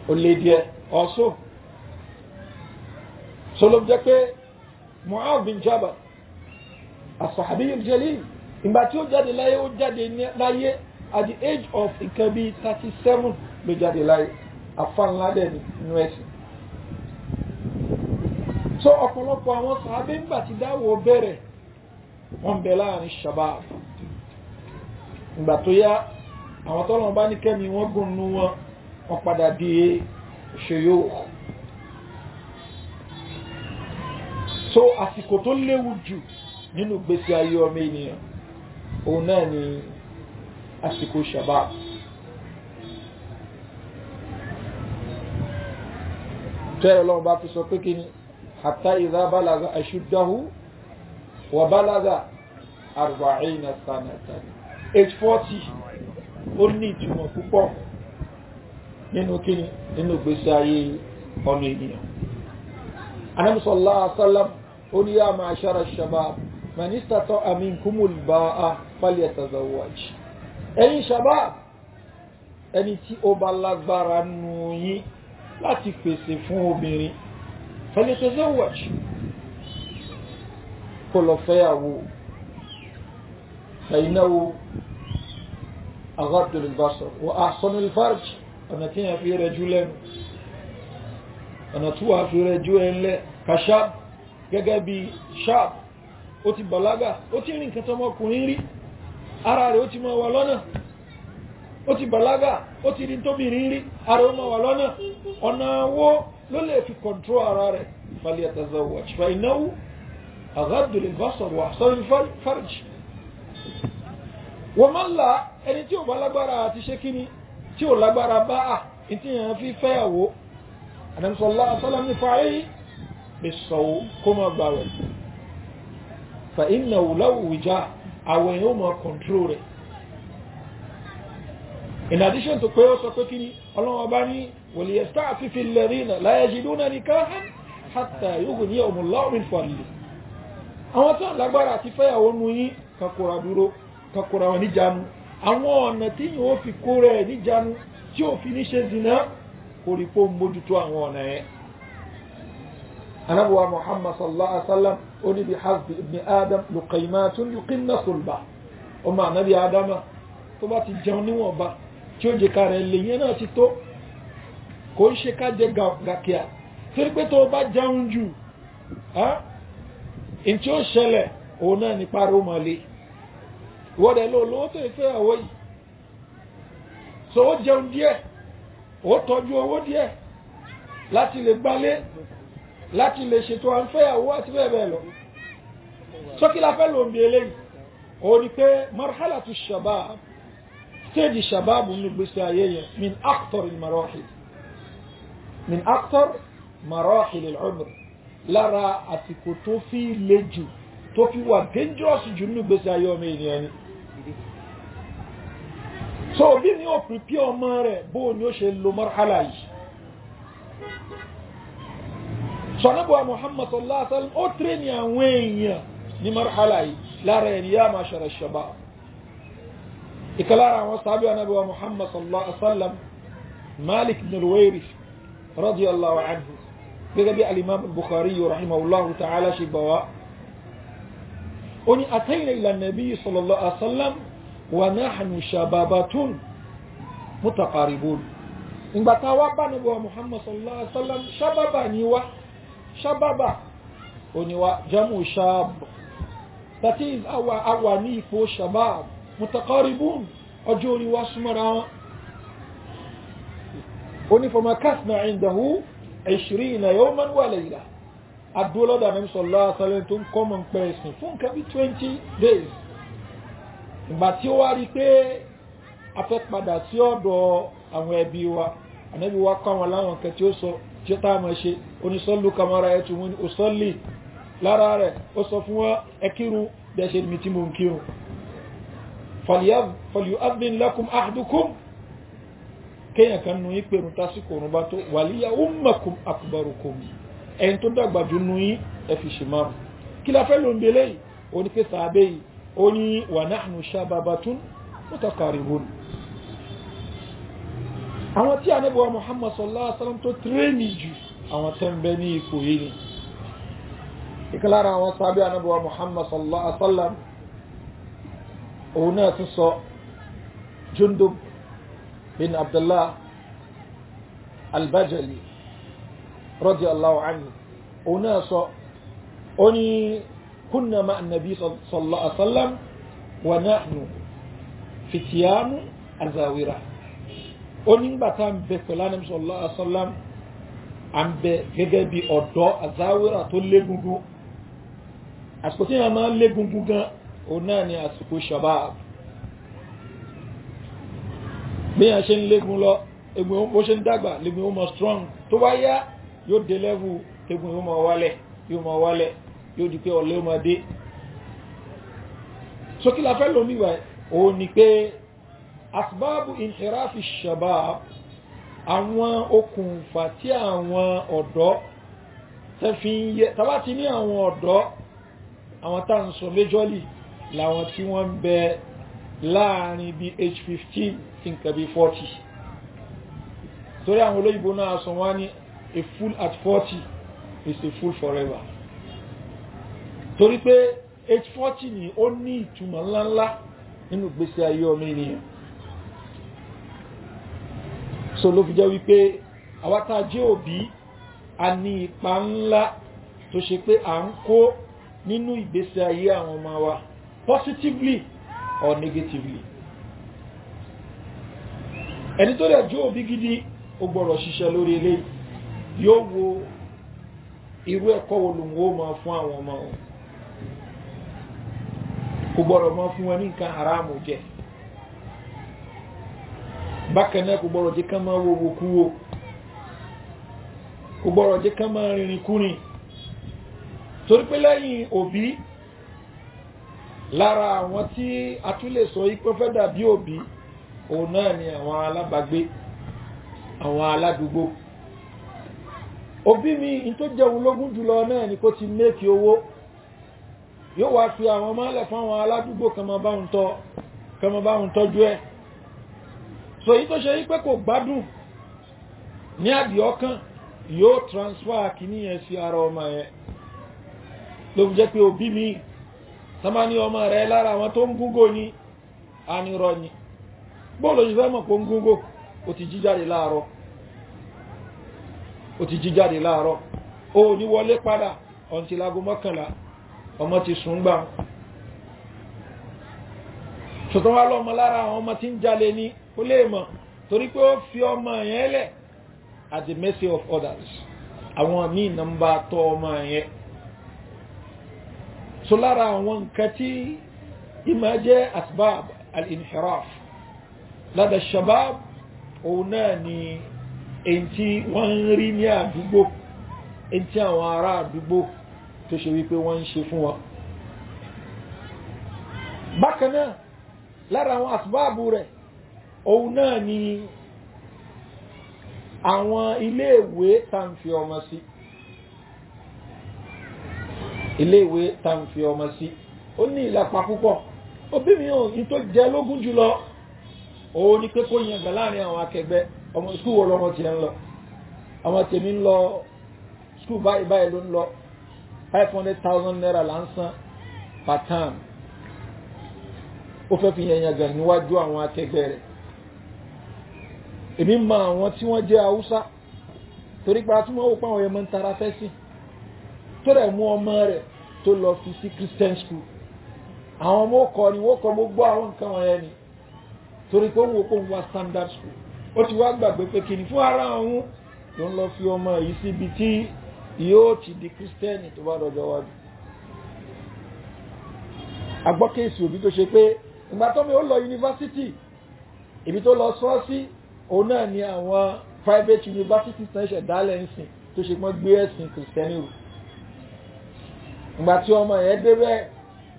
ó lé díẹ̀ sọlọ́m jẹ́ pé Mu'adh bin Jabal as-sahabi al-jalil ìgbà tí ó jáde láyé ó jáde láyé at the age of nǹkan bíi thirty seven ló jáde láyé àfànlá dẹ̀ nínú so ọ̀pọ̀lọpọ̀ àwọn sàábé ńgbà tí dáwọ̀ bẹ̀rẹ̀ wọ́n bẹ̀ láàrin shabab ìgbà tó yá àwọn tọ́lọ̀ bá ní kẹ́mi wọ́n gùn nú wọn wọ́n padà di ṣèyóò so àsìkò tó léwu jù nínú gbèsè ayé ọmọ ènìyàn òun náà ni àsìkò shabab tẹ́rẹ lọ́wọ́ bá fi sọ pé kí ni hatta idha balaga ashuddahu wa balaga arba'ina sanatan age 40 ó ní ìtumọ̀ púpọ̀ nínú kí ni nínú gbèsè ayé ọmọ ènìyàn anamsọ́lá asálàmù ó ní yá ma'ashara shabab man istata'a minkumul ba'a falyatazawwaj ẹ̀yin shabab ẹni tí ó bá lágbára nù yín láti pèsè fún obìnrin falyatazawwaj kó lọ fẹ́yàwó fẹ̀yìnáwó aghaddu lilbasar wa ahsanu lilfarj ọ̀nà tí yẹn fi rẹ̀ jù lẹ́nu ọ̀nà tí wàá fi rẹ̀ jù ẹ̀ ńlẹ̀ kashab gẹ́gẹ́ bí sharp ó ti bàlágà ó ti rí nǹkan tọmọkùnrin rí ara rẹ̀ ó ti mọ́ wà lọ́nà ó ti bàlágà ó ti rí tóbìnrin rí ara ó mọ́ wà lọ́nà ọ̀nà wo ló lè fi kọ̀ntró ara rẹ̀ falyatazawwaj fa innahu aghaddu lilbasar wa ahsanu farj wọ́n máa ń la ẹni tí ò bá lágbára àti ṣe kíni tí ò lágbára bá à ìtìyàn fi fẹ́yàwó àdàmùsọ̀lá asálàmù fàáyé bisọ̀wò kó máa gbà rẹ̀ fa iná wùláwù wìjà àwọn èèyàn ó máa kọ̀ǹtró rẹ̀ in addition to pé ó sọ pé kí ni ọlọ́wọ́ bá ní wòlíyẹ star fífi lẹ́rìnà láyé jìdúnà nìkan hátà yóò ní ọmọ lọ́rin fọ̀lẹ̀ àwọn tó lágbára àti fẹ́yàwó nu yín kakura dúró kakura wọn níjànú àwọn ọ̀nà tí yìí ó fi kó rẹ̀ níjànú tí ò fi ní ṣe zina kò mójútó àwọn ọ̀nà yẹn anabuwa muhammad sallallahu alaihi wasallam ó ní bí hasbi ibn adam luqaymatun yuqinna sulba ọmọ anabi adama tó bá ti jẹun níwọ̀nba tí ó jẹ ká rẹ̀ lè yẹn náà ti tó kò ń ṣe ká jẹ gàkíà torí pé tó bá jẹun jù in tí ó ṣẹlẹ̀ òun náà ní pariwo mọ̀lẹ́ ìwọ́dẹ̀ ló lówó tó ìfẹ́ àwọ̀ yìí so ó jẹun díẹ̀ ó tọ́jú owó díẹ̀ láti lè gbálé láti lè ṣètò àǹfẹ́yàwó àti bẹ́ẹ̀ bẹ́ẹ̀ lọ sókí la fẹ́ lò ń bi eléyìí ó ní pé marhalatu shabab stéèjì shabab nínú gbèsè ayé yẹn min aktor marahil min aktor marahil al-umr lára àsìkò tó fi le jù tó fi wà dangerous jù nínú gbèsè ayé ọmọ ènìyàn ni so bí ni ó pèpè ọmọ rẹ̀ bó ni ó ṣe lo marhala yìí sọ̀nàbùwà muhammad sallallahu alaihi wa sallam ó tẹ̀rẹ̀ ní àwọn èèyàn ní marhala yìí lára ẹni yá máa ṣẹ̀rẹ̀ ṣẹ̀bá ìkàlára àwọn sábẹ́ anábíwá muhammad sallallahu alaihi wa sallam malik ibn al-Huwayrith radiyallahu anhu gẹ́gẹ́ bí alimam bukhari yóò rahimahullahu ta'ala ṣe bá wa ó ní atayna ila nabi sallallahu alaihi wa sallam wa nahnu shababatun mutaqaribun ìgbà táwa bá nabi wa muhammad sallallahu alaihi wa sallam ṣábàbà ni wa ṣábàbà oníwà jamu ṣáàbù that is àwa àwa ní ipò ṣàbáàb mutakaribun ọjọ́ orí wa súnmọ́ra wọn onífọ̀mọ́kásínà ìdáhù ẹ̀ṣìrí ìnà yóò mọ́ wà lẹ́yìnlá adúlọ́dà ní sọ̀lá àtàlẹ́ tó ń kọ́mọ̀ ń pẹ́ ẹ̀sìn fún nǹkan 20 days ìgbà tí ó wá rí pé a fẹ́ padà sí ọ̀dọ̀ àwọn ẹbí wa ànábí wa kọ́ àwọn láwọn nǹkan tí ó sọ tí tá a máa ṣe onísọ́lù kamara ẹ̀ tún ní òsọ́lì lára rẹ̀ ó sọ fún wa ẹkírun bí a ṣe mi tí mo ń kírun falyu'adhin lakum ahadukum kéèyàn kan nu yín pèrún tásìkò òrùn bá tó wàlíyà ó ní pé àwọn tí anábọ̀wá Muhammad sallallahu alaihi wasallam tó tírẹ́nì jù àwọn tẹ́ ń bẹ ní ipò yìí ni ìkìlára àwọn sábẹ́ anábọ̀wá Muhammad sallallahu alaihi wasallam òun náà tún sọ Jundub bin Abdullah al-Bajali radiyallahu anhu òun náà sọ ó ní كنا مع النبي صلى الله عليه وسلم ونحن فتيان الزاورة ó nígbà tá à ń bẹ pẹ̀lú anabi sallallahu alaihi wasallam à ń bẹ gẹ́gẹ́ bí ọ̀dọ́ àzáwìrà tó légungun àsìkò tí yàrá máa ń légungun gan òun náà ni àsìkò shabab bí yàrá ṣe ń légun lọ egun ó ṣe ń dàgbà légun ó mọ strong tó bá yá yóò dé level egun ó mọ wálẹ̀ yóò mọ wálẹ̀ yóò di pé ọ̀lẹ́ ó sókè la fẹ́ lómi wà òun ni pé asbáàbù inhirafi shabab àwọn okùnfà tí àwọn ọ̀dọ́ tàbá ti ní àwọn ọ̀dọ́ àwọn tá à ń sọ méjọ́lì làwọn tí wọ́n ń bẹ láàrin bí age fifteen sí nǹkan bí forty torí àwọn olóyìnbó náà sọ wọ́n ní a fool at forty is a full forever torí pé age forty ni ó ní ìtumọ̀ ńláńlá nínú ìgbésí ayé ọmọ ènìyàn so ló fi jẹ́ wípé àwátá jẹ́ òbí a ní ipa ńlá tó ṣe pé à ń kó nínú ìgbésí ayé àwọn ọmọ wa positively or negatively ẹni tó dẹ̀ jẹ́ òbí gidi ó gbọ́dọ̀ ṣiṣẹ́ lórí eléyìí yóò wo irú ẹ̀kọ́ wo lòun ó máa fún àwọn ọmọ wọn kò gbọ́dọ̀ máa fún wọn ní nǹkan haramu jẹ bákan náà kò gbọ́rọ̀ jẹ́ kán máa wo òkú wo kò gbọ́rọ̀ jẹ́ kán máa rìnrìn kúrìn torí pé lẹ́yìn òbí lára àwọn tí a tún lè sọ ipò fẹ́ dàbí òbí òun náà ni àwọn alábàgbé àwọn aládùúgbò òbí mi in tó jẹun lógún jùlọ náà ni kó ti méèkì owó yóò wá fi àwọn mọ́lẹ̀ fáwọn aládùúgbò kan máa bá òun tọ́jú ẹ̀ so èyí tó ṣe yí pé kò gbádùn ní àbí ọkàn yóò transfer kìíní yẹn sí ara ọmọ yẹn ló fi jẹ́ pé òbí mi sama ní ọmọ re lára àwọn tó ń gúngò ní ni bóòlù ṣe fẹ́ mọ̀ pé ó ń gúngò ó ti jíjáde láàárọ̀ láàárọ̀ ó ní wọlé padà mọ́kànlá ọmọ ti sùn gbà ṣùgbọ́n wá lọ́mọ lára àwọn ọmọ ti ń jalè ní kó lè mọ̀ torí pé ó fi ọmọ yẹn lẹ̀ at the mercy of others àwọn míì náà ń bá tọ́ ọmọ yẹn so lára àwọn nǹkan tí ìmọ̀ jẹ́ asbab al-inhiraf lada shabab òun náà ni èyí tí wọ́n ń rí ní àdúgbò èyí tí àwọn ará àdúgbò tó ṣe wípé wọ́n ń ṣe fún wọn bákan náà lára àwọn asbáàbù rẹ̀ òun náà ni àwọn iléèwé tàǹfì ọmọ sí iléèwé tàǹfì ọmọ sí ó ní ìlàpá púpọ̀ òbí mi ò ní tó jẹ lógún jùlọ òun ni pé kó yẹn gbà láàrin àwọn akẹgbẹ́ ọmọ skul wo lọmọ tiẹ̀ ń lọ ọmọ tèmi ń lọ skul báyìí báyìí ló ń lọ five hundred thousand naira là ń san per term ó fẹ́ fi yẹn yàgàn níwájú àwọn akẹgbẹ́ rẹ̀ èmi mọ àwọn tí wọ́n jẹ́ haúsá torí pa tí wọ́n wò páwọn ẹmọ ń tara fẹ́ sí tó rẹ̀ mú ọmọ rẹ̀ tó lọ fi sí christian school àwọn ọmọ ọkọ ni wọ́n kọ́ mọ́ gbọ́ àwọn nǹkan wọ̀nyẹn ni torí pé òun wò pé òun wá standard school ó ti wá gbàgbé pé kìnnì fún ara òun ló ń lọ fi ọmọ yìí síbi tí yóò ti di kírísítẹ́nì tó bá dọjọ́ wájú agbọ́kẹ́sì òbí tó ṣe pé ìgbà tó mi ó lọ yunifásitì ibi tó lọ sọ́ sí òun náà ni àwọn private university tán ṣẹ̀dálẹ̀ ń sìn tó ṣe pọ́n gbé ẹ̀sìn kìrìsìtẹ́nì rò ìgbà tí ọmọ yẹn débẹ̀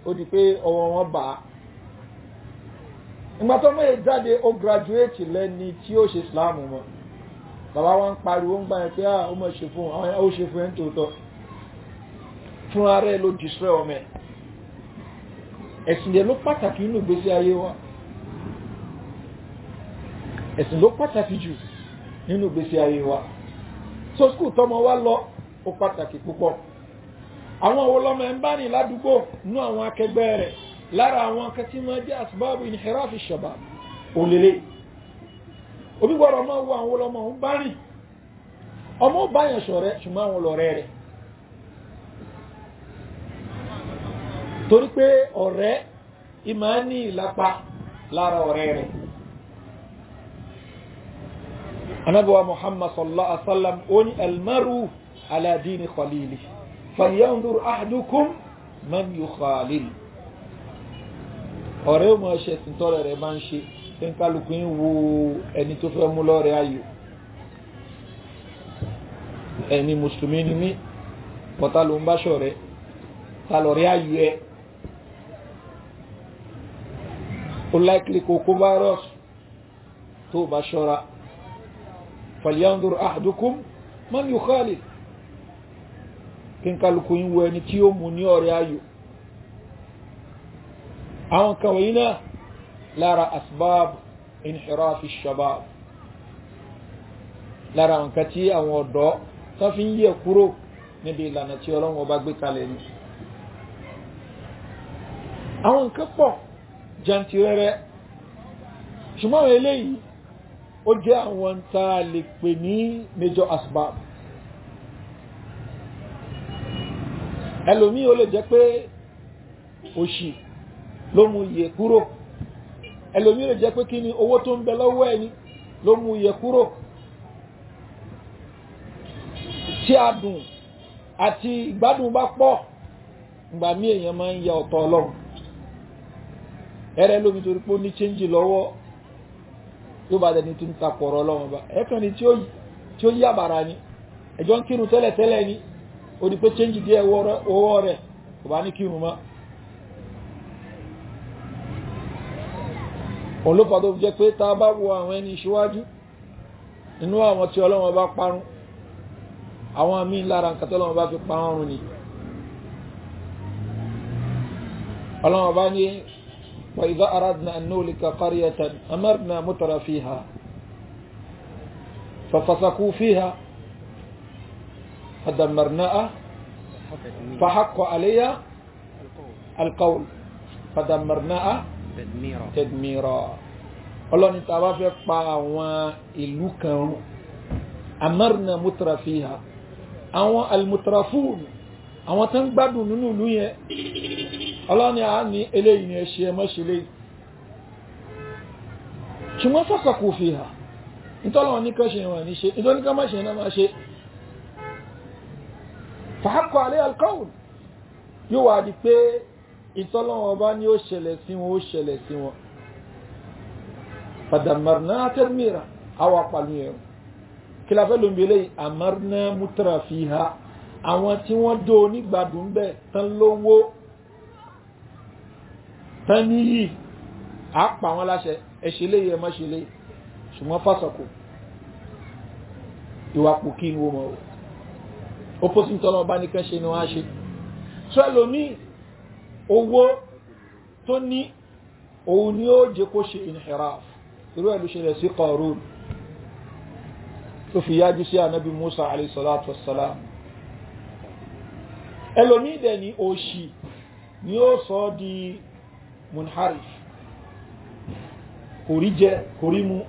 ó di pé ọwọ́ wọn bà á ìgbà tó ọmọ yẹn jáde ó graduate lẹ́ni tí ó ṣe Islam mọ́ bàbá wọn ń pariwo ń gbà yẹn pé ó mọ̀ ṣe fún àwọn ó ṣe fún ẹ̀ ń tòótọ́ fúnra rẹ̀ ló distrẹ́ ọmọ ẹ̀ ẹ̀sìn yẹn ló pàtàkì nínú ìgbésí ayé wa ẹ̀sìn ló pàtàkì jù nínú ìgbésí ayé wa so skul tọmọ wa lọ ó pàtàkì púpọ̀ àwọn wo lọmọ ẹ ń bá ní ládùúgbò nú àwọn akẹgbẹ́ rẹ̀ lára àwọn akẹtí máa jẹ́ asbabu inhirafi shabab òlélẹ̀ òbí gbọ́dọ̀ máa wo àwọn ọlọmọ ń bá rìn ọmọ bá yẹn ṣọ̀rẹ́ ṣùgbọ́n àwọn ọlọ́rẹ́ rẹ̀ torí pé ọ̀rẹ́ ìmáà ní ìlapa lára ọ̀rẹ́ rẹ̀ anabuwa muhammad sallallahu alaihi wasallam ó ní almaru ala dini khalili falyanzur ahadukum man yukhalil ọ̀rẹ́ òmù ẹ̀ṣẹ̀ tí tọ́rẹ̀ rẹ̀ máa ń ṣe tí ń kálukú ń wo ẹni tó fẹ́ mú lọ́rẹ̀ ayò ẹni mùsùlùmí ni mí pọ̀tà ló ń ta lọ́rẹ̀ ayò ẹ̀ ó láìkìlì kò kó bá rọ̀ tó bá falyanzur ahadukum man yukhalif kí n kálukú yín wo ẹni tí ó mú ní ọ̀rẹ́ ayò àwọn kan wọ̀nyí náà lára asbab inhirafi shabab lára nǹkan tí àwọn ọ̀dọ́ tó fi ń yẹ̀ kúrò níbi ìlànà tí ọlọ́run ọba gbé kalẹ̀ ni àwọn nǹkan pọ̀ jantirẹrẹ ṣùgbọ́n eléyìí ó jẹ́ àwọn tá a lè pè ní major asbab ẹlòmíì ó lè jẹ́ pé òṣì ló mú yẹ kúrò ẹlòmíì lè jẹ́ pé kí ni owó tó ń bẹ lọ́wọ́ ẹni ló mú yẹ kúrò tí a dùn àti ìgbádùn bá pọ̀ ìgbà mí èèyàn máa ń ya ọ̀tọ̀ ọlọ́run ẹrẹ lómi torí pé ó ní chéńjì lọ́wọ́ yóò bá dẹni tí ń takò ọ̀rọ̀ ọlọ́run ọba ẹ̀kan ni tí ó yá bàrà ni ẹjọ́ ń kírun tẹ́lẹ̀tẹ́lẹ̀ ni ó di pé chéńjì díẹ̀ owó rẹ̀ kò bá ní kírun mọ́. òun ló pàtó jẹ́ pé tá a bá wo àwọn ẹni ìṣíwájú inú àwọn tí ọlọ́run ọba parun àwọn míín lára nǹkan tí ọlọ́run ọba fi pa wọn run ni ọlọ́run ọba ní وإذا أردنا أن نولك قرية أمرنا متر فيها ففسقوا فيها فدمرنا فحق علي القول فدمرنا تدميرا الله نتوافق مع وإلوك أمرنا متر فيها أو المترفون أو تنبادوا ننولوية ọlọ́ni àá ní eléyìí ni ẹṣẹ́ ẹmọ́ṣe léyìí ṣùgbọ́n fọ́sọ̀kù fi hà nítọ́lọ́wọ́ ní kọ́ṣe wọn ní ṣe ìdóníkà máṣe náà máa ṣe fàákọ̀ alẹ́ alkọ́ùn yóò wà di pé ìtọ́lọ́wọ́ bá ní ó ṣẹlẹ̀ sí wọn ó ṣẹlẹ̀ sí wọn fàdàmàrínà tẹ́rmìíràn àwọn apàlú yẹn kí la fẹ́ ló ń bi eléyìí àmàrínà mútàrà fi hà àwọn tí wọ́n dó onígbàdùn bẹ́ẹ̀ tán lówó tán ní yìí á pa wọn láṣẹ ẹṣẹ léyìí ẹ má ṣe léyìí ṣùgbọ́n fásọkò ìwà pò kí ni wọ́n mọ̀ ó pósí tọ́lọ bá nìkan ṣe ni wọ́n á ṣe tó ẹlòmí owó tó ní òun ni ó jẹ kó ṣe inhiraf irú ẹ̀lú ṣẹlẹ̀ sí Qarun tó fi yájú sí ànábì Musa alayhi salatu wassalam ẹlòmí dẹ̀ ni òṣì ni ó sọ di منحرف كوريجا كوريمو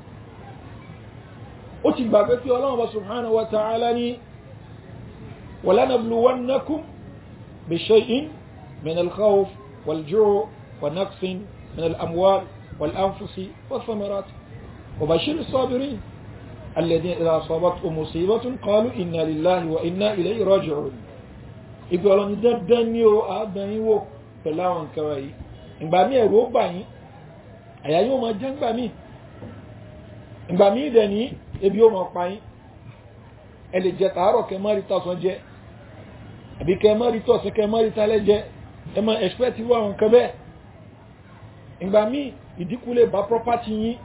اوتي بابتي الله سبحانه وتعالى ني ولا نبلونكم بشيء من الخوف والجوع ونقص من الاموال والانفس والثمرات وبشر الصابرين الذين اذا اصابتهم مصيبه قالوا انا لله وانا اليه راجعون يقول لهم ده دنيو ابنيو بلاون ìgbà mí ẹ̀rù ó bà yín àyà yóò máa já ńgbà mí ebi ó máa pa yín ẹ lè jẹ tàárọ̀ kẹ mọ́ tọ̀sán jẹ àbí kẹ mọ́ tọ̀sán kẹ mọ́ rí jẹ ẹ mọ ẹ̀ṣpẹ́tì wọ àwọn nǹkan bẹ́ẹ̀ ìgbà ìdínkù lè bá property yín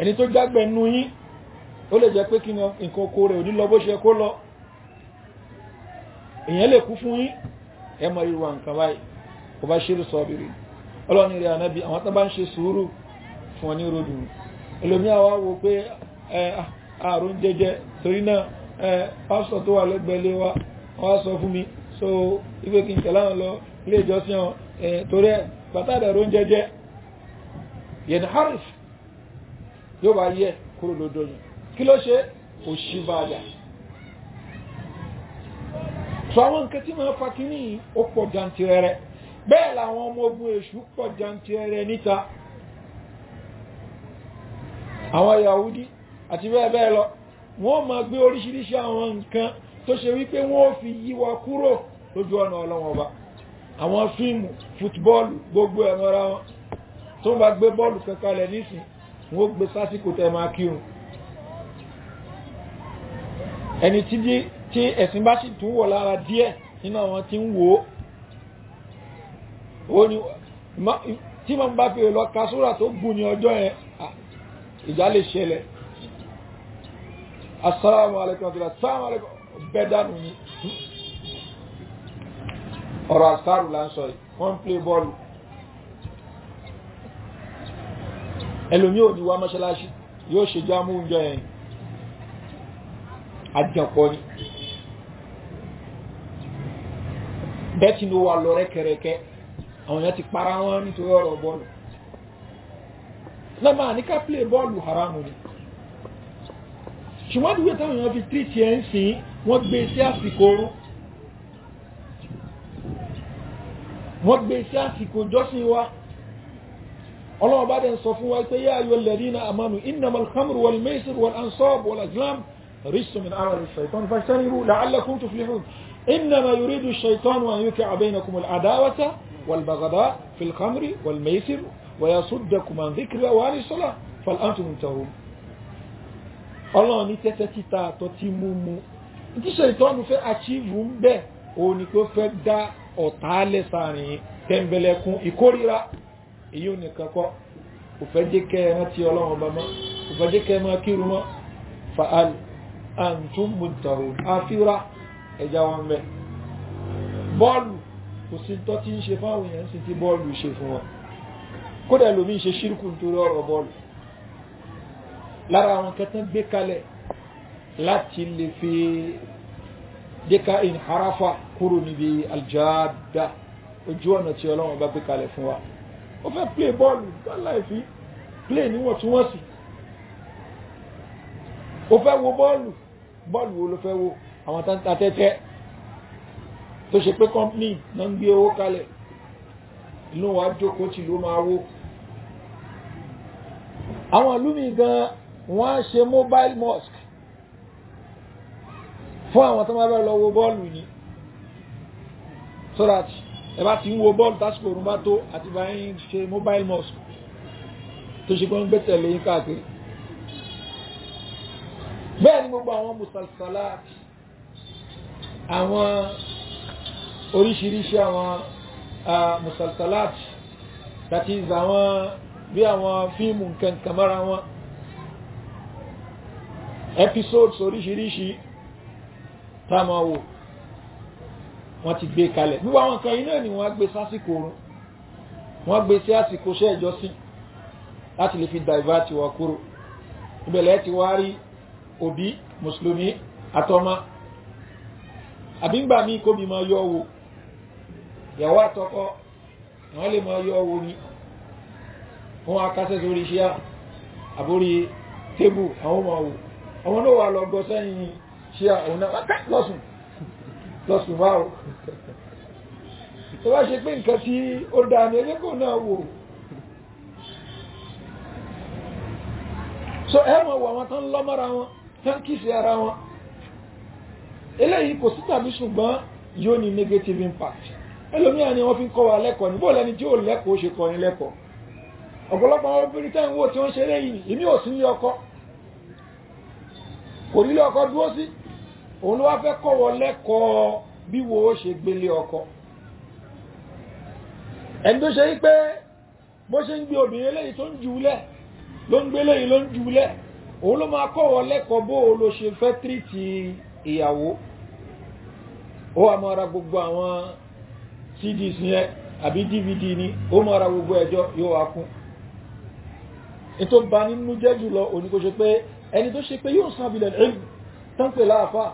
ẹni tó yín ó lè pé kí nǹkan oko rẹ̀ ò ní lọ bó ṣe kó lọ èèyàn lè kú fún wa bashiru sabirin ọlọ́ni rẹ̀ ànábì àwọn tó bá ń ṣe sùúrù fún ọní ròdùn ẹlòmí wo pé àrùn jẹjẹ torí náà pásítọ̀ tó wà lẹ́gbẹ̀ẹ́lé wa wọ́n sọ fún mi so ife kí n tẹ̀lá wọn lọ ilé ìjọsìn ẹ torí ẹ bàtàdà rún jẹjẹ yẹn harris yóò bá yẹ kúrò yẹn kí ló ṣe àwọn fa kínní bẹ́ẹ̀ làwọn ọmọ ogun èṣù pọ̀ jantirẹrẹ níta àwọn Yahudi àti bẹ́ẹ̀ bẹ́ẹ̀ lọ wọ́n máa gbé oríṣiríṣi àwọn nǹkan tó ṣe wípé wọ́n fi yí wa kúrò lójú ọ̀nà ọlọ́wọ́n ọba àwọn fíìmù fútbọ́ọ̀lù gbogbo ẹ̀mọ́ra wọn tó bá gbé bọ́ọ̀lù kankalẹ̀ nísìn wọ́n gbé sásìkò tẹ máa kírun ẹni tí ẹ̀sìn bá sì tún wọ̀ lára díẹ̀ nínú àwọn tí ń wò ó ní tí ma ń bá fi lọ ka sóra tó gùn ní ọjọ́ yẹn ìjà lè ṣẹlẹ̀ assalamu alaikum àti assalamu alaikum bẹ́ẹ̀ dànù ni ọ̀rọ̀ àṣàrù là ń sọ yìí wọ́n ń play bọ́ọ̀lù ẹlòmí ò ní wá mọ́ṣáláṣí yóò ṣe jámú yẹn àjàpọ̀ ni bẹ́ẹ̀ tí ló wà lọ rẹ́kẹrẹkẹ àwọn èèyàn ti para wọn nítorí ọ̀rọ̀ bọ́ọ̀lù lọ́mọ àníká play bọ́ọ̀lù haramu ni ṣùgbọ́n dúgbò táwọn èèyàn fi tírìtì ẹ̀ ń sìn wọ́n gbé sí àsìkò oorun wọ́n gbé sí àsìkò jọ́sìn wa ọlọ́wọ́ bá dẹ̀ ń sọ fún wa pé yá ayọ̀ lẹ́rí na àmánu innamal khamru wal maisir wal ansab wal azlam rijsun min amali shaitan fajtanibu la'allakum tuflihun innama yuridu shaitanu an yuki'a bainakum al adawata والبغضاء في الخمر والميسر ويصدكم عن ذكر وعن الصلاة فالأنتم منتهون ọlọ́run ní tẹ́tẹ́ títa àtọ́tí múmú tí ṣètọ́nù fẹ́ achieve ń bẹ̀ òun ni kó fẹ́ dá ọ̀tá lẹ́sàárín tẹ́m̀bẹ̀lẹ̀kún ìkórira èyí ò nìkan kọ́ kò fẹ́ jẹ́ kẹ́ ẹ rántí ọlọ́run bá mọ́ kò fẹ́ jẹ́ kẹ́ ẹ máa kírun mọ́ fa'al antum muntahun àfíra ẹja wọn bẹ́ bọ́ọ̀lù kò sí tó ti ń ṣe fáwọn èèyàn sì ti bọ́ọ̀lù ṣe fún wọn kódà lómi ṣe ṣírkù nítorí ọ̀rọ̀ bọ́ọ̀lù lára àwọn kẹtàn gbé kalẹ̀ láti lè fi déka ìharafa kúrò níbi aljaada ojú ọ̀nà tí ọlọ́run bá gbé kalẹ̀ fún wa ó fẹ́ play bọ́ọ̀lù láìfi play níwọ̀ntúnwọ̀nsì ó fẹ́ wo bọ́ọ̀lù bọ́ọ̀lù wo ló fẹ́ wo àwọn tán tó ṣe pé company na ń gbé owó kalẹ̀ inú wa jókòó tí ló máa wó àwọn ìlúmi gan wọ́n á ṣe mobile mosque fún àwọn tó máa bá lọ wo bọ́ọ̀lù ni so that ẹ bá ti ń wo bọ́ọ̀lù tásìkò òrùn bá tó àti bá ń ṣe mobile mosque tó ṣe pé ń gbé tẹ̀lé yín káàkiri bẹ́ẹ̀ ni gbogbo àwọn musalsalat àwọn oríṣiríṣi àwọn musalsalat that is àwọn bí àwọn fíìmù nǹkan kàmára wọn episodes oríṣiríṣi táwọn wò wọ́n ti gbé kalẹ̀ wíwá àwọn kan iná ni wọ́n gbé sásìkò oorun wọ́n gbé sí àsìkò iṣẹ́ ìjọsìn láti lè fi divert wa kúrò ìbẹ̀lẹ̀ ti wá rí òbí mùsùlùmí àtọmọ àbígbà kóbi máa yọ wò ìyàwó àtọkọ àwọn lè máa yọ owó ni wọn á kásẹ̀ sórí iṣẹ́ àbórí tébù àwọn ọmọ wò àwọn náà wà lọ gọ sẹ́yìn ṣíà òun náà lọ́sùn lọ́sùn wá o tó bá ṣe pé nǹkan tí ó dá ní ẹgbẹ́kọ̀ náà wò so ẹ̀mọ̀ wà wọn tán lọ́mọ́ra wọn tán kìsì ara wọn eléyìí kò sí tàbí ṣùgbọ́n yóò ní negative impact ẹlòmíà ni wọ́n fi ń kọ́ wa lẹ́kọ̀ọ́ ní bóòlẹ́ni tí ó lẹ́kọ̀ọ́ ṣe kọ́ yín lẹ́kọ̀ọ́ ọ̀pọ̀lọpọ̀ àwọn obìnrin tẹ́ ń wò tí wọ́n ṣe eré yìí èmi ò sí ní ọkọ kò nílé ọkọ dúró sí òun ló wá fẹ́ kọ́ wọ lẹ́kọ̀ọ́ bí wo ó ṣe gbélé ọkọ ẹni tó ṣe yí pé bó ṣe ń gbé obìnrin eléyìí tó ń jùúlẹ̀ ló ń gbé eléyìí ló ń jùúlẹ̀ òun ló máa kọ́ wọ lẹ́kọ̀ọ́ bó o lo ṣe fẹ́ tírìtì ìyàwó ó wà máa ra gbogbo àwọn cds yẹn àbí dvd ni ó mọ́ ara gbogbo ẹjọ́ yóò wá kún in tó bá nínú jẹ́ jùlọ òní kò ṣe pé ẹni tó ṣe pé yóò sàn abilẹ̀ ẹ̀rù tán pè láàfà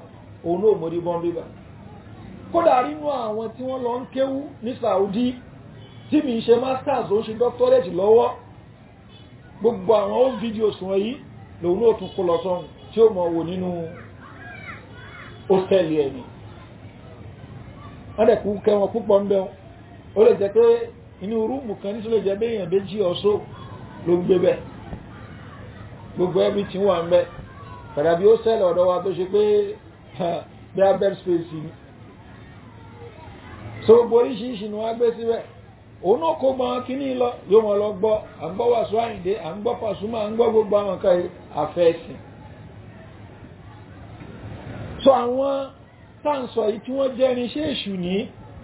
òun náà mọ̀ ní bọ́n bíbà kódà rínú àwọn tí wọ́n lọ ń kéwú ní saudi tí mi ṣe masters ó ṣe doctorate lọ́wọ́ gbogbo àwọn old videos wọ̀nyí lòun náà tún kó lọ sọ́run tí ó mọ̀ wò nínú hostel ẹni wọ́n dẹ̀ kú kẹ́ wọn púpọ̀ ń bẹ wọn ó lè jẹ́ pé inú rúùmù kan nítorí jẹ́ bí èèyàn méjì ọ̀ṣọ́ ló ń gbé bẹ́ẹ̀ gbogbo ẹbí tí wọ́n ń bẹ́ padà bí ó sẹ́lẹ̀ ọ̀dọ̀ wa tó ṣe pé bí abẹ́ space ni so gbogbo oríṣiríṣi ni wọ́n gbé síbẹ̀ òun náà kó mọ kíní lọ yóò mọ lọ gbọ́ à ń gbọ́ wàásù àyìndé à ń gbọ́ pàṣùmọ́ à ń gbọ́ gbogbo àwọn kan afẹ́ ẹ̀sìn so àwọn táǹsọ̀ yìí tí wọ́n jẹ́ irinṣẹ́ èṣù ní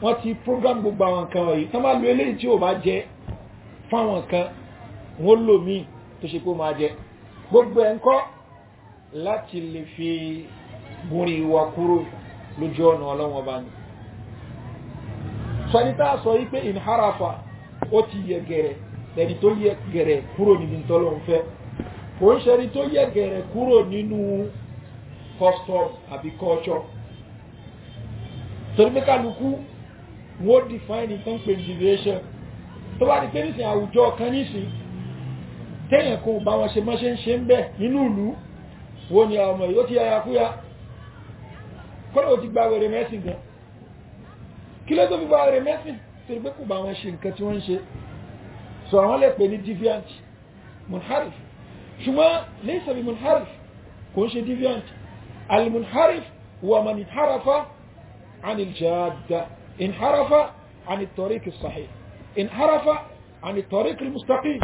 wọ́n ti program gbogbo àwọn nǹkan wọ̀nyí tán bá lo eléyìí tí ò bá jẹ fáwọn nǹkan wọ́n lò míì tó ṣe kó máa jẹ gbogbo ẹ̀ ń kọ́ láti lè fi gúnrí wa kúrò lójú ọ̀nà ọlọ́wọ́n bá ní sọ́nítà sọ yí pé ìnharafa ó ti yẹ gẹ̀rẹ̀ ẹni tó yẹ gẹ̀rẹ̀ kúrò níbi tọ́lọ́ ń fẹ́ kò ń ṣe ẹni tó yẹ gẹ̀rẹ̀ kúrò nínú custom àbí culture torí pé kálukú wọ́n define nǹkan pé deviation tó bá di pé nísìn àwùjọ kan nísìn téèyàn kan ò bá wọn ṣe mọ́ṣe ń ṣe ń bẹ̀ nínú ìlú wo ni àwọn ọmọ yìí ó ti yára kúya kọ́lọ̀ ó ti gba wèrè mẹ́sìn gan kí ló tó fi gba wèrè mẹ́sìn torí pé kò bá wọn ṣe nǹkan tí wọ́n ń ṣe so àwọn lè pè ní deviant munharif ṣùgbọ́n lè sàbí munharif kò ń ṣe deviant al munharif wà mọ̀ ní harafa عن الجادة انحرف عن الطريق الصحيح انحرف عن الطريق المستقيم